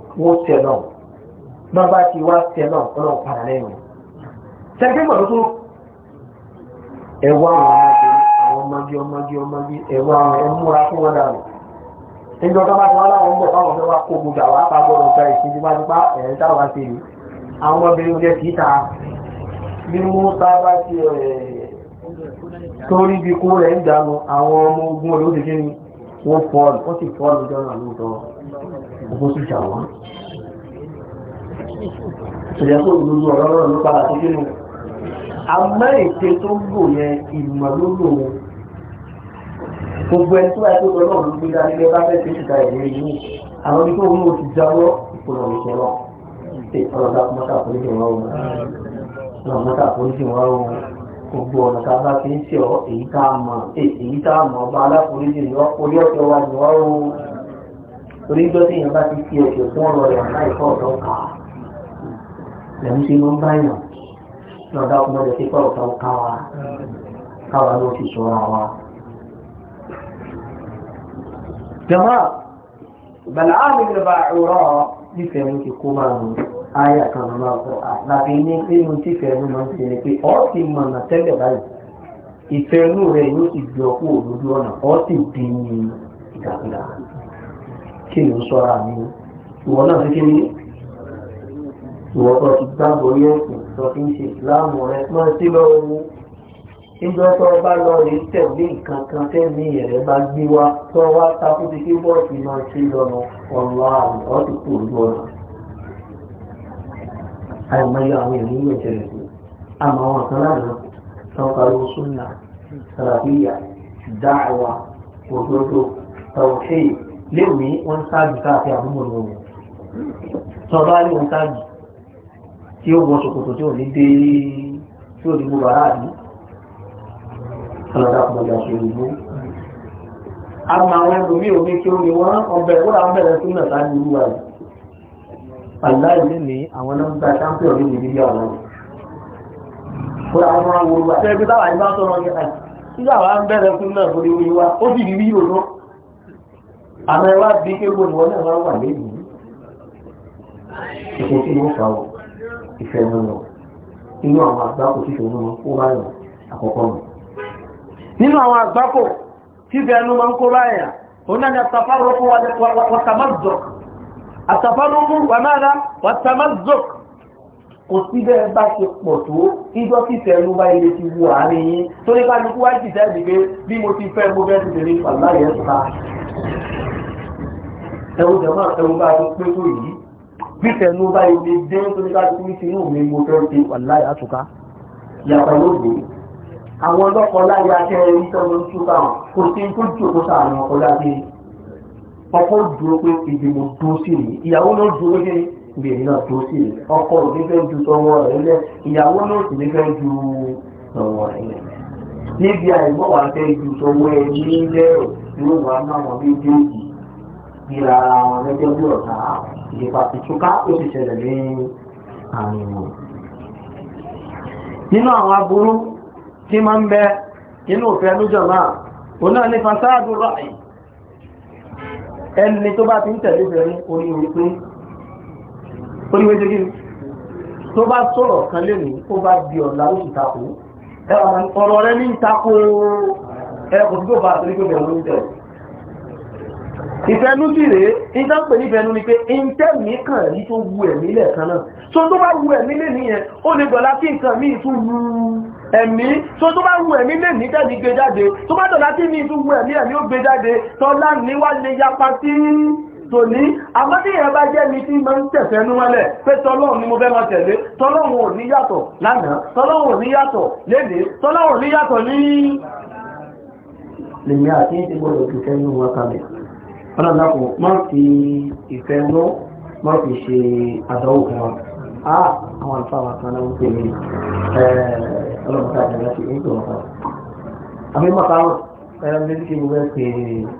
Speaker 1: wọ́n tẹ̀ náà bá bá ti wá tẹ̀ náà ọlọ́run padà lẹ́yìn sẹ́gbẹ́ mọ̀ lótó ẹ̀wọ́ àwọn ọmọdé ọmọdé ọmọdé ẹ̀wọ́ àwọn ẹ̀múra fún wọn dànù níjọ tó bá ti wá láwọn ń bọ̀ báwọn fẹ́ wá kó gbogbo àwọn apagbọ́dọ̀ gba ìsinmi bá ti bá ẹ̀rẹ́ táwọn ti rí àwọn obìnrin oúnjẹ kì í ta bí mú tá bá ti torí bí kó rẹ̀ ń dànù àwọn ọmọ ogun olóòtú kí ni wọ́n fọ́ọ̀lù wọ́n sì fọ́ọ̀lù jọ́nà lóòótọ́ bó sì jà wọ́n. ìyá tó gbogbo ọ̀rọ̀ náà ló padà sí nínú. àmọ́ ète tó gbò yẹn ìmọ̀ ló lò ó. gbogbo ẹni tó wáyé tó lọ náà ló gbé dání lé bá fẹ́ ṣe ìta ìlérí yìí. àwọn ibi tó wọn ò ti jáwọ́ ìpolówó ìṣẹ̀lọ́. ọ̀rọ̀ dàpọ̀ mọ́tà àforíjì wọn o. ọ̀rọ̀ gbogbo ọ̀nà tá bá fi ń ṣe torí gbọ́ tí èèyàn bá ti fi ẹ̀sẹ̀ fún ọ̀rọ̀ rẹ̀ láìpọ̀ ọ̀dọ́ ká lẹ́nu ṣe ló ń báyàn náà dá ọkùnrin ọ̀dọ̀ pípọ̀ ọ̀tọ̀ ká wa káwa ló ti sọ ara wa. jama bala áàmì ló bá ìrọ̀ nífẹ̀ẹ́ mi ti kó máa mú ayé kan ló máa kọ́ àtàbí ní nínú tífẹ̀ẹ́ mi máa ń ṣe ni pé ọ́ ti mọ̀nà tẹ́lẹ̀ báyìí ìfẹ́ inú rẹ̀ yóò ti gbọ́ kó òdodo ọ̀nà ọ́ sì dín ní ìdàkúdà kí ni ó sọ ara mi ìwọ náà fi ní ìwọ tó ti gbàgbọ́ yẹ ìtọ́ fi ń ṣe ìsìláàmù rẹ máa sí lọ owó ìjọ tó o bá lọ rí tẹ̀lé nǹkan kan tẹ́lẹ̀ ẹ̀rẹ́ bá gbé wa tó wá takú ti kí bọ́ọ̀sì máa ṣe lọ́nà ọ̀nà àrùn ọ̀tún kò lù ọ̀nà àìmọye àwọn èèyàn ní ìjẹ̀rẹ̀ sí àmọ́ àwọn kan lánàá tó ń parí sunna sàràbíyà dáàwà òdodo tàwọn kéyìí léèmí wọ́n ń sáàjì káàkiri àdúgbò ní òun sọ̀rọ̀ ayé wọn sáàjì tí ó wọ ṣòkòtò tí ò ní dé tí ò ní gbogbo aráàlú ọlọ́dà kò gbọdọ̀ ṣe ìlú. àmọ́ àwọn ẹlòmí omi kí ó ní wọ́n ọbẹ̀ wọ́n àwọn bẹ̀rẹ̀ sí náà sáàjì ìlú wa yìí. aláìní ni àwọn náà ń gba champion ní ìdílé àwọn ọ̀rọ̀. wọ́n àwọn ọmọ wọn wọ́n wá. ṣé ibi táwa ìbá sọ̀rọ̀ yẹn àmọ́ ẹ wá bí kéwòn ìwọ náà wá wà lẹ́yìn ìṣe tí wọ́n fà ọ́ ìfẹ́ wọn lọ inú àwọn àgbákò tí ìfẹ́ wọn kó bá yàn àkọ́kọ́ nù. nínú àwọn àgbákò tí ìfẹ́ wọn máa ń kó bá yàn òun náà ni àtàfàrọ́kù wàtàmọ́zọ̀k àtàfàrọ́kù wàmáàdá wàtàmọ́zọ̀k kò sí bẹ́ẹ̀ bá ṣe pọ̀ tó ìjọ tí ìfẹ́ wọn bá ilé ti wù àárín yín tó ní kálukú wá jìjà ìdìgbé bí mo ti fẹ́ mo fẹ́ ti pàlá yẹn ta ẹ̀wọ̀n jẹ̀mọ́ ẹ̀wọ̀n bá ti pé tó yìí bí tẹ̀nu bá ilé dé tó ní ká ti ní sínú mi mo fẹ́ ṣe wàláì àtúká
Speaker 2: yàtọ̀ lóde
Speaker 1: àwọn ọlọ́kọ̀ láyé akẹ́rẹ́ ní tọ́lọ́ ń túká kò sí tó jù kó sàánú ọkọ̀ láti ọkọ̀ dúró pé ìdè mo dúró sí ni ìyàwó ló dúró pé ìdè náà dúró sí ni ọkọ̀ òní fẹ́ ju sọwọ́ rẹ̀ lẹ̀ ìyàwó náà sì ní fẹ́ ju sọwọ́ rẹ̀ lẹ̀ níbi àìmọ́wàá fẹ́ ju sọwọ́ ẹ ní lẹ́rọ̀ ni ríra ara wọn lẹ́jọ́ bí ọ̀tá ìdípa ìtúká ó ti ṣẹlẹ̀ ní àárín wọn. nínú àwọn aburú tí máa ń bẹ nínú òfin ẹnújọ náà òun náà ní fasáàdù rọ́ọ̀ì ẹni tó bá ti ń tẹ̀lé bẹ̀rẹ̀ oríire pé oríire ṣe kí ni tó bá sọ̀rọ̀ kan lè ní ó bá di ọ̀la ó sì takò ọ̀rọ̀ rẹ ní ìtakò ẹ̀kọ́ tó bá àtúrí bẹ̀rẹ̀ ló tẹ̀lé ìfẹ́nú sí rèé ìjọ ń pè ní ìfẹ́nú ni pé ìntẹ́mì kàn rí tó wu ẹ̀mí lẹ́ẹ̀kan náà so tó bá wu ẹ̀mí lè níyẹn ó lè gbọ́lá kí nǹkan míì tún wu ẹ̀mí so tó bá wu ẹ̀mí lè ní tẹ́lì gbé jáde tó bá dọ̀lá kí míì tún wu ẹ̀mí ẹ̀mí ó gbé jáde tọ́lá ní wá lè yapa sí tòní àmọ́ tí ìyẹn bá jẹ́ mi tí máa ń tẹ̀fẹ́ ní wọ́lẹ̀ pé tọ́lọ́run ni mo fẹ́ máa tẹ̀lé tọ́lọ́run ò ní yàtọ̀ lánàá tọ́lọ́run ò ní yàtọ̀ lénìí tọ́lọ́run ò ní yàtọ̀ ní lèmi àti ìdígbò lòdì sẹ́yìn wọn kalẹ̀ ọlọ́dàpọ̀ máa fi ìfẹ́ lọ máa fi ṣe àdánwò kan wa á àwọn àlùfáà kan náà ń pè mí ọlọ́dàpọ̀ àti ẹ̀rọ ti ń tò wọ́n fún àmì mọ́tàrún ẹ̀rọ ń bẹ́ẹ̀ kí mo fẹ́ pe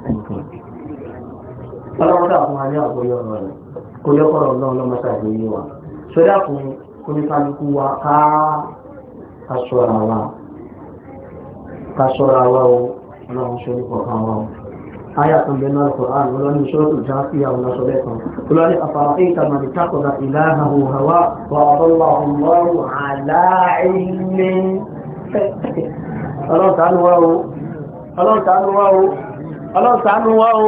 Speaker 1: ẹnìkan ọlọ́dàpọ̀ àfún wa ní àgbọ̀yọ̀ ọ̀rọ̀ rẹ̀ kó lẹ́kọ̀ọ́ náà lọ́mọ́ta ìgbéyìí wa sọ́dá fún oníkálukú wa ká aṣọ́ra wa ká aṣọ́ra wa o ọlọ́run ṣe aya kan bẹ náà Qur'an wọn lọ́nà ìṣọ́tù jáfíà wọn lọ́sọ bẹ́ẹ̀ kan wọn lọ́nà afara'ayta man ittakhadha ilahahu hawa wa adallahu Allahu ala ilmin ọlọ́run ṣàánú wa o ọlọ́run ṣàánú wa o ọlọ́run ṣàánú wa o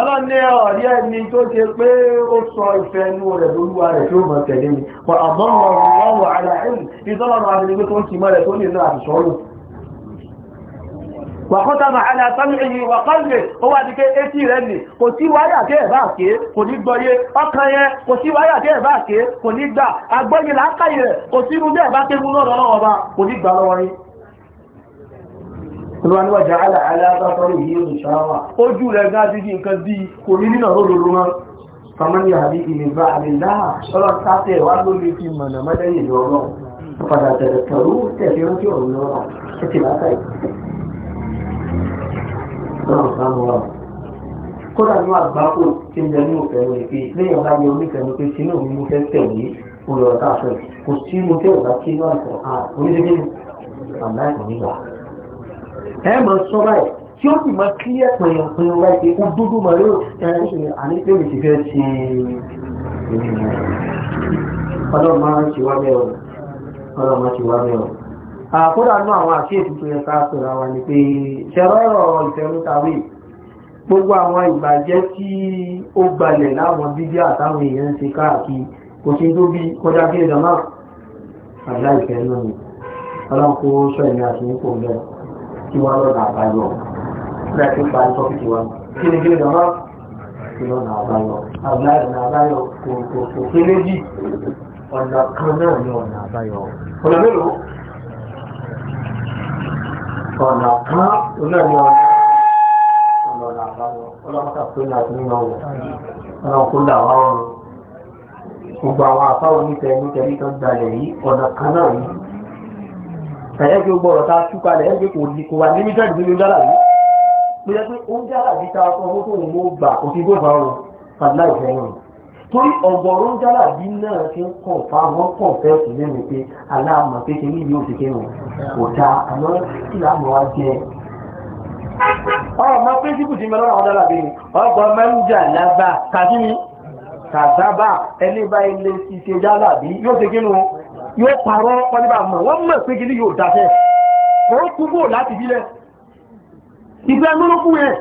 Speaker 1: ọlọ́run ní ọ̀rí ẹni tó ṣe pé ó sọ ìfẹ́ inú rẹ̀ lóluwà rẹ̀ tí ó mọ̀ tẹ̀lé ni wa adallahu Allahu ala ilmin ìtọ́lọ́run àti wàkọ́tàmà aláàtàmì wàkọ́lẹ̀ ó wà ní pé etí rẹ̀ nì kò sí wáyà tẹ́ ẹ̀bá àké kò ní gbọ́yé ọkàn yẹn kò sí wáyà tẹ́ ẹ̀bá àké kò ní gbà agbọ́yé láákàyè rẹ̀ kò sí inú bẹ́ẹ̀ bá tẹ́ mú lọ́rọ̀ lọ́wọ́ bá kò ní gbà lọ́wọ́ yín ojú rẹ̀ gá dídí nǹkan bí kò ní nínà lóòrò mọ́ famani àbí ìlèbà àlèlá ọlọ́run sáfẹ́ wà
Speaker 2: náà sánú wa
Speaker 1: kódà ní àgbákò tí ń bẹ ní òfẹ́ rẹ̀ pé lẹ́yìn ọba yẹ oníkẹ́ ni pé sínú mi mo fẹ́ tẹ̀lé olùrọ̀tà fẹ́ kò sí mo fẹ́ ọ̀gá kí náà sọ oníṣẹ́gbẹ́ ni àmì àìsàn nígbà ẹ máa sọ báyìí tí ó sì máa kí ẹ pẹ̀yàn pẹ̀yàn wáyé pé ó dúdú máa yóò ṣe àníkẹ́ mi ti fẹ́ ṣe ọlọ́run máa ń ṣe wá bẹ́ẹ̀ o ọlọ́run máa ń ṣe wá bẹ́ẹ̀ o àkódà ah, ní àwọn àṣíyèsí tó yẹ ká pèrà wà ní pé ṣẹ̀rọ̀rọ̀ ìfẹ̀rútawé gbogbo àwọn ìbàjẹ́ tí ó gbalẹ̀ láwọn bíbí àtàwọn èèyàn ti káàkiri kò sí tó bí kọjá kí ìjọmá àdá ìfẹ́ náà ni ọlọ́nkó sọ èmi àti nípò lẹ̀ kí wọ́n lọ́nà àbáyọ rẹ̀ tó parí tọ́pìtì wa kí ni kí ìjọmá kí lọ́nà àbáyọ àbáyọ àbáyọ kò kò kò pé méjì ọ̀nà kan náà ni ọ̀nà àbáyọ ọ̀nà mélòó ọ̀nà kan onílẹ̀ ọ̀nà ọ̀nà àbáwọ̀ ọlọ́mọ́ta pé ní àtúnyẹ̀wò ọ̀nà kó là wá ọ̀run gbogbo àwọn àfáwọn onífẹ̀ẹ́ nítorí tó gbalẹ̀ yìí ọ̀nà kan náà yìí ẹ̀yẹ́gbẹ́ gbọ́rọ̀ ta túká lẹ̀ ẹ̀yẹ́gbẹ́ kò ní kò wà ní mídíà ìdílé jálà yìí pé ẹgbẹ́ ó ń jálà yìí ta ọkọ̀ ọmọ tó ń mú gbà kò sí gbọ́dọ̀ ọ̀run pàdé láì fẹ́ràn torí ọ̀gọ̀rún jálàbí náà ti ń kàn fá wọn kàn fẹ́ sí lẹ́nu pé aláàmọ̀ pé kí níbi òsì kẹrin kò dáa àmọ́ kí láàmú wa jẹ. ọmọ píríncípù ti mẹ́rọ àwọn jálàbí ni ọgbà mẹ́rújà lágbà kàdí ni kàdábà ẹni bá ilé ti ṣe jálàbí yóò ṣe kí nu yóò parọ́ pọ́nibà mọ̀ wọ́n mọ̀ pé kí ní yóò dáṣẹ́ kò kúbò láti bílẹ̀ ìgbẹ́ lórúkú yẹn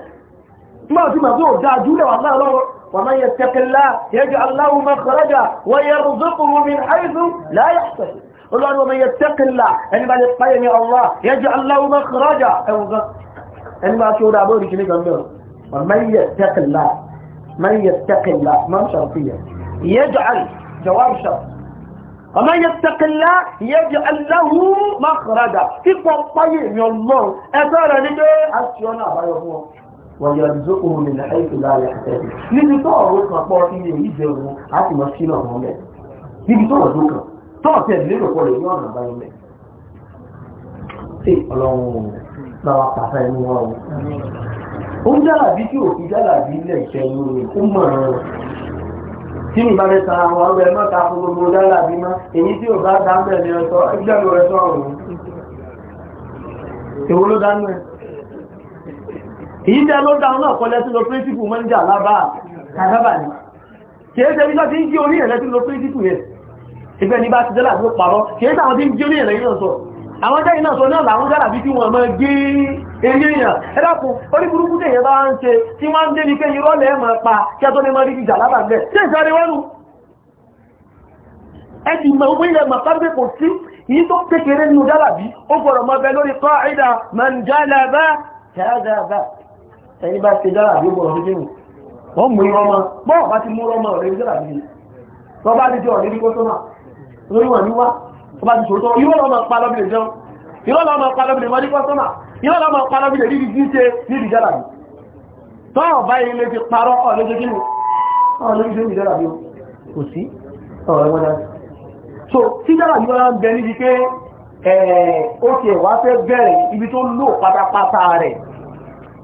Speaker 1: nígbà tí màá tó dáa jùlọ wà láàárọ̀ ومن يتق الله يجعل له مخرجا ويرزقه من حيث لا يحتسب قل ومن يتق الله ان يعني بعد القيم يا الله يجعل له مخرجا او ان ما شو دابو دي كني ومن يتق الله من يتق الله ما شرطيه يجعل جواب شرط ومن يتق الله يجعل له مخرجا في قطيه يا الله اثر لي اسيونا الله ويرزقه من حيث لا يحتسب níbi tó ọ̀rọ̀ kan pọ̀ sí ilé yìí jẹun a sì mọ sínú ọ̀hún lẹ̀ níbi tó ọ̀dọ́ kan tó ọ̀tẹ̀ lérò pọ̀ lẹ̀ ní ọ̀nà àbáyọ lẹ̀ ṣé ọlọ́run náà pàṣẹ inú wọn o ó ń jára bí tí òfin jára bí ilẹ̀ ìṣẹ́ inú rẹ̀ ó mọ̀ ọ́n tí mi bá fẹ́ san àwọn ọgbẹ́ mọ́ta fún gbogbo jára mọ́ èyí tí ò bá dá mẹ́rin ẹ̀sọ́ ẹgbẹ́ èyí tẹ́ ló dáun náà kọ́ lẹ́sìn lọ príncipù mọ́ ń jà lábá kàdábà ní kìí tẹ́ nígbà tí ń jí orí ẹ̀lẹ́sìn lọ príncipù yẹn ìgbẹ́ ní bá ti dẹ́là ló parọ́ kìí tẹ́ àwọn tí ń jí orí ẹ̀lẹ́yìn náà sọ àwọn jẹ́ iná sọ náà làwọn dára bí tí wọ́n mọ́ gé eré èèyàn ẹ̀dàkùn orí burúkú tẹ̀yẹ bá ń ṣe tí wọ́n ń dé ní pé irọ́ lẹ́ mọ̀ pa kí a ẹni bá ṣe dára àbí ọgbọ̀n ọdún jẹ́mù wọ́n mú ọmọ bọ́ bá ti mú ọmọ rẹ̀ ní dára bíi wọ́n bá ti jẹ́ ọ̀rẹ́ ní kọ́sọ́mà lórí wọn níwá wọ́n bá ti ṣòótọ́ yíwọ́n lọ́mọ palọ́bìlẹ̀ jẹun yíwọ́n lọ́mọ palọ́bìlẹ̀ mọ́ ní kọ́sọ́mà yíwọ́n lọ́mọ palọ́bìlẹ̀ ní ìdí ṣe ní ìdí dára bíi tọ́ọ̀ bá ilé ti parọ́ ọ̀lẹ́jẹ́ kí ni ọ̀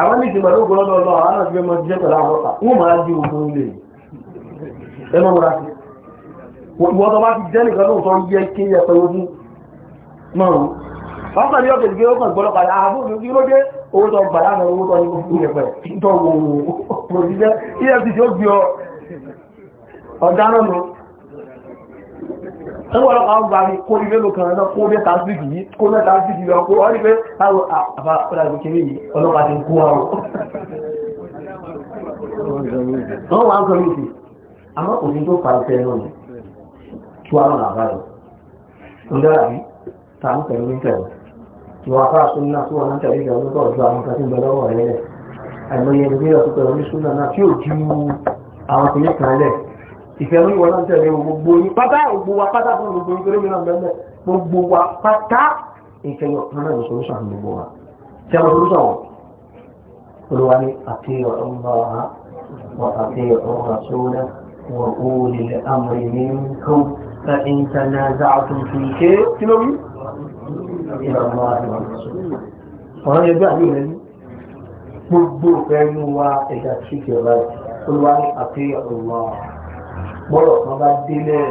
Speaker 1: àwọn méjì mọ̀ ló gbọ́dọ̀ lọ àwọn àti ẹmọ jíjẹ́ pẹ̀lú àwọn wọ́n máa jí ogun ilé ẹmọ múra sí wọ́n tó bá ti jẹ́ nìkan ló sọ yẹ kí ẹ pẹ̀lú ojú mọ̀ wọ́n kàn ní ọ̀kẹ́ ìgbé ó kàn gbọ́dọ̀ padà àbúrò ní ló owó tó gbà láàrín owó tó ní ẹwọ́n ọ̀pá ń gbàrí kó ilé ló kan náà kó mẹ́ta síkì yìí kó mẹ́ta síkì lọ kó wọ́n rí pé àwọn àbá ọ̀dàgbò kéré yìí ọlọ́pàá ti kó àwọn wọ́n wá ń sọ méjì àmọ́ òní tó pa ìfẹ́ náà ni tó àwọn làbá rẹ̀ ń dára bí ta ń tẹ̀lé ń tẹ̀lé ìwà afá àtúnú náà tó wà ń tẹ̀lé ìgbà lọ́tọ̀ ọ̀dọ́ àwọn kan tí ń bẹ lọ́wọ́ rẹ̀ lẹ̀ àìmọye ẹni bí ọ̀tún pẹ̀lú ní súnà náà tí ò ju àwọn ìfẹ̀rú ìwọ̀n náà tẹ̀lé gbogbo yìí pátá gbogbo wa pátá fún gbogbo yìí tẹ́lẹ̀mí náà mẹ́lẹ̀ gbogbo wa pátá ìkẹyọ̀ náà ní solúṣà ní gbogbo wa tí a mọ̀ solúṣà wọ̀ olùwà ní àti ó lè ní àti ọ̀rọ̀ bọ́lọ̀ kan bá délẹ̀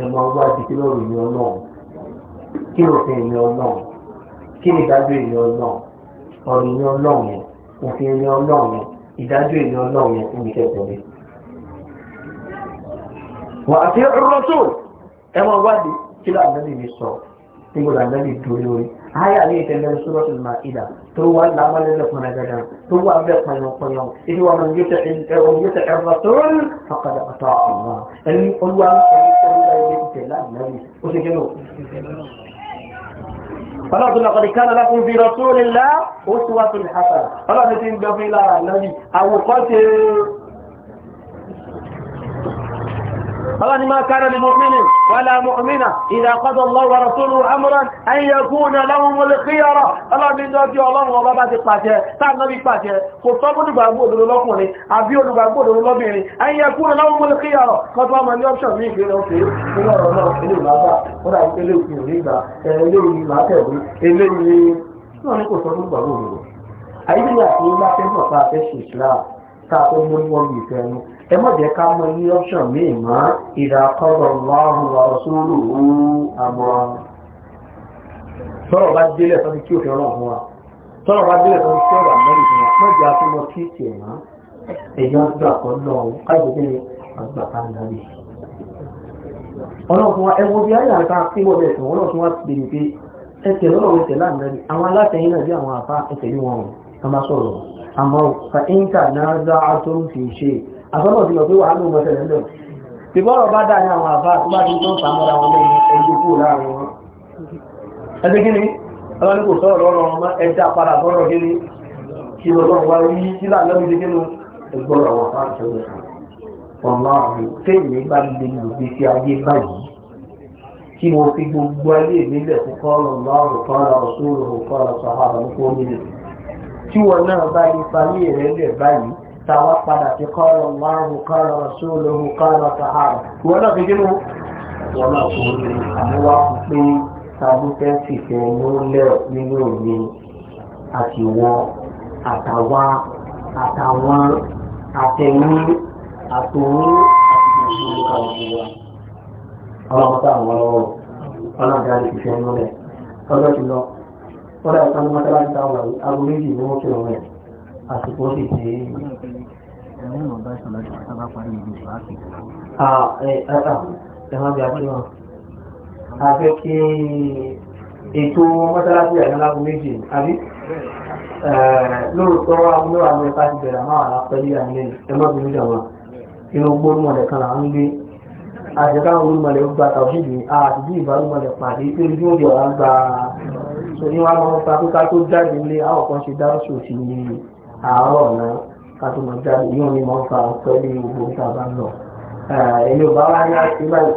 Speaker 1: ẹ̀ máa wá di kí lọ́rọ̀ ìyẹn ọlọ́run kí òfin ìyẹn ọlọ́run kí ìdájọ́ ìyẹn ọlọ́run ọ̀rọ̀ ìyẹn ọlọ́run yẹn òfin ìyẹn ọlọ́run yẹn ìdájọ́ ìyẹn ọlọ́run yẹn fún mi kẹ́kọ̀ọ́ mi. wà á fi ọ̀rọ̀ tó ẹ máa wá di kí lọ́rọ̀ àgbẹ̀bí mi sọ nígbà àgbẹ̀bí dúró aya ni ta surat suratul ma'ida to wa la malan da kuma gada to wa da kuma kuma idan wa man yuta in ta wa yuta rasul faqad ata Allah an qulwa an qulwa bi la nabi ko se keno فلقد لقد كان لكم في رسول الله أسوة حسنة فلقد تنبغي إلى النبي أو قتل ọlọ́ni máa kára ní mọ̀mínì wàlá mọ̀mínà ìdàkọ́dọ̀ lọ́wọ́ rasúlù amúran ẹ̀yẹ kún aláwọn olùkíyọrọ̀ ọlọ́ni lọ́jọ́ ọlọ́run ọba bá ti pàṣẹ táàbí pàṣẹ kò sọ olùgbàgbọ́ òdòdó lọ́kùnrin àbí olùgbàgbọ́ òdòdó lọ́bìnrin ẹ̀yẹ kún aláwọn olùkíyọrọ̀ kọ́tọ́ ọmọ ní ọ́pṣọ̀n ní ìgbé lọ́pẹ́ nínú ọ̀rọ̀ náà ilé ìlàbà ó dà ilé òfin òní ìgbà eléyìí látẹ̀wé eléyìí náà ní kò sọ olùgbàgbọ́ òdòdó àyíkú ni àti ilé afẹ́ náà tá a fẹ́ ṣe ìṣúra tá a fẹ́ mú ní wọ́n mi ìfẹ́ ẹnu ẹ má jẹ́ ká mọ ní option míì mọ́ ìdàkọ́rọ̀ lọ́rùn lọ́sọ́rù àmọ́ tọ́rọ̀ bá délẹ̀ sọ́dí kí òfin ọlọ́run wa tọ́rọ̀ bá délẹ̀ sọ́dí kí ọ̀rọ̀ àmọ́lì fún wa mọ́jẹ́ àtúmọ̀ kí tiẹ̀ mọ́ èèyàn gbà kọ́ lọ́run káyọ̀dé àgbà kan dábì ọlọ́run fún wa ẹ wo bí ayé àǹkà tí wọ́n bẹ̀rẹ̀ sọ̀rọ̀ ọlọ́run fún wa ti bèrè pé ẹ ọlọ́run tẹ̀lé àmọ́lì àtọ́nà ti lọ pé wàhálà òun mọ̀tẹ́lẹ̀ náà ti bọ́rọ̀ bá dá ní àwọn àbá tó bá ti tó ń sàmọ́ra wọn lẹ́yìn ẹgbẹ́ kúrò láàrin wọn ẹgbẹ́ kí ni ọlọ́run ní kò sọ̀rọ̀ lọ́rọ̀ ọmọ ẹja padà sọ̀rọ̀ kí ni kí lọ́rọ̀ wá rí sílà lọ́rùn ti kí ni ẹgbọ́rọ̀ wọn bá ṣe wẹ̀ ọ̀nà àrùn kéèyàn bá lè lò bí ti ayé báyìí kí mo fi gbogbo ní kó ní ìrẹ́lẹ̀ báyìí tàwa padà ti kọ́lọ̀ márùn kọ́lọ̀ rasúlùhù kọ́lọ̀ sàhárà wọn náà fi gínú wọn náà kò ní àmúwá kò pé tàbútẹ́ sì fẹ́ lólẹ̀ nínú òní àti wọ àtàwa àtàwọn àtẹ̀yìn àtòun àti gbogbo kàwé wa ọlọ́mọta àwọn ọlọ́wọ́ ọlọ́dà lè fi fẹ́ lólẹ̀ ọlọ́dún lọ wọ́n dà ìpamọ́ mọ́tàlá ìta ọ̀rọ̀ àgbo méjì ni wọ́n kí wọn rẹ̀ àsìkò sì ti.
Speaker 2: ẹ̀rọ ìmọ̀ bá ìṣòro àti pátábá parí ìlú ìfàákì.
Speaker 1: ẹ má bí akí wọn. a fẹ́ kí ètò mọ́sálásí àyànlágbó méjì àbí eh, lóòótọ́ àwọn àwọn ẹ̀ka ti bẹ̀rẹ̀ àmọ́ àwọn apẹ́lú àyẹ̀lẹ̀ ẹ má bínú jàmọ́ inú gbóòórùn ọ̀dẹ̀ kan là ń gbé àjẹ́ká olúmọ̀lẹ̀ gba tàbíjì àti ìbálòmọ̀lẹ̀ pàdé tí ojú òjò ọ̀rá gba so ní wọn máa ń fa pípa tó jáde nílé àwọn kan ṣe dárúṣò sí ní àárọ̀ náà ká jáde yóò ní mọ́ fa ọ̀sọ́ ní gbogbo tá bá ń lọ. èmi ò bá wá ní àti báyìí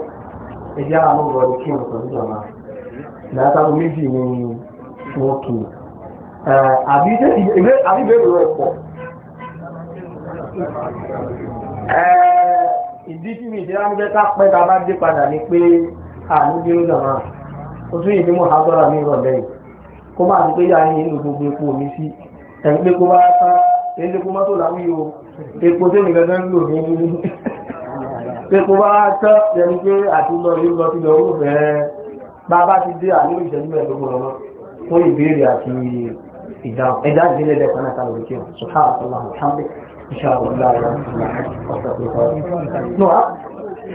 Speaker 1: ẹjẹ́ àwọn ọmọ ọdún kí wọ́n sọ níjọba méjì ni wọ́n kì í. àbí bẹ́ẹ̀ pọ̀ ìdí tí mi ìdí ká pẹ́ bá dé padà ni pé àní bí ó ó tún mọ̀ mi rọ̀ lẹ́yìn kó ẹ̀yìn pé kó bá tán èyí tí kó má tó láwí o epo tó nìkan tán lò ní pé kó bá tán ẹni pé àti lọ rí lọ sí lọ ó fẹ́ bàbá ti dé àlérò ìṣẹ́jú mẹ́ẹ̀ẹ́dógún lọ́wọ́ fún ìbéèrè àti ìdáhùn ẹ̀dá ìdílé ẹ̀dẹ́ kan náà kálọ̀ lókè subhanahu wa ta'ala alhamdulilayi inshallah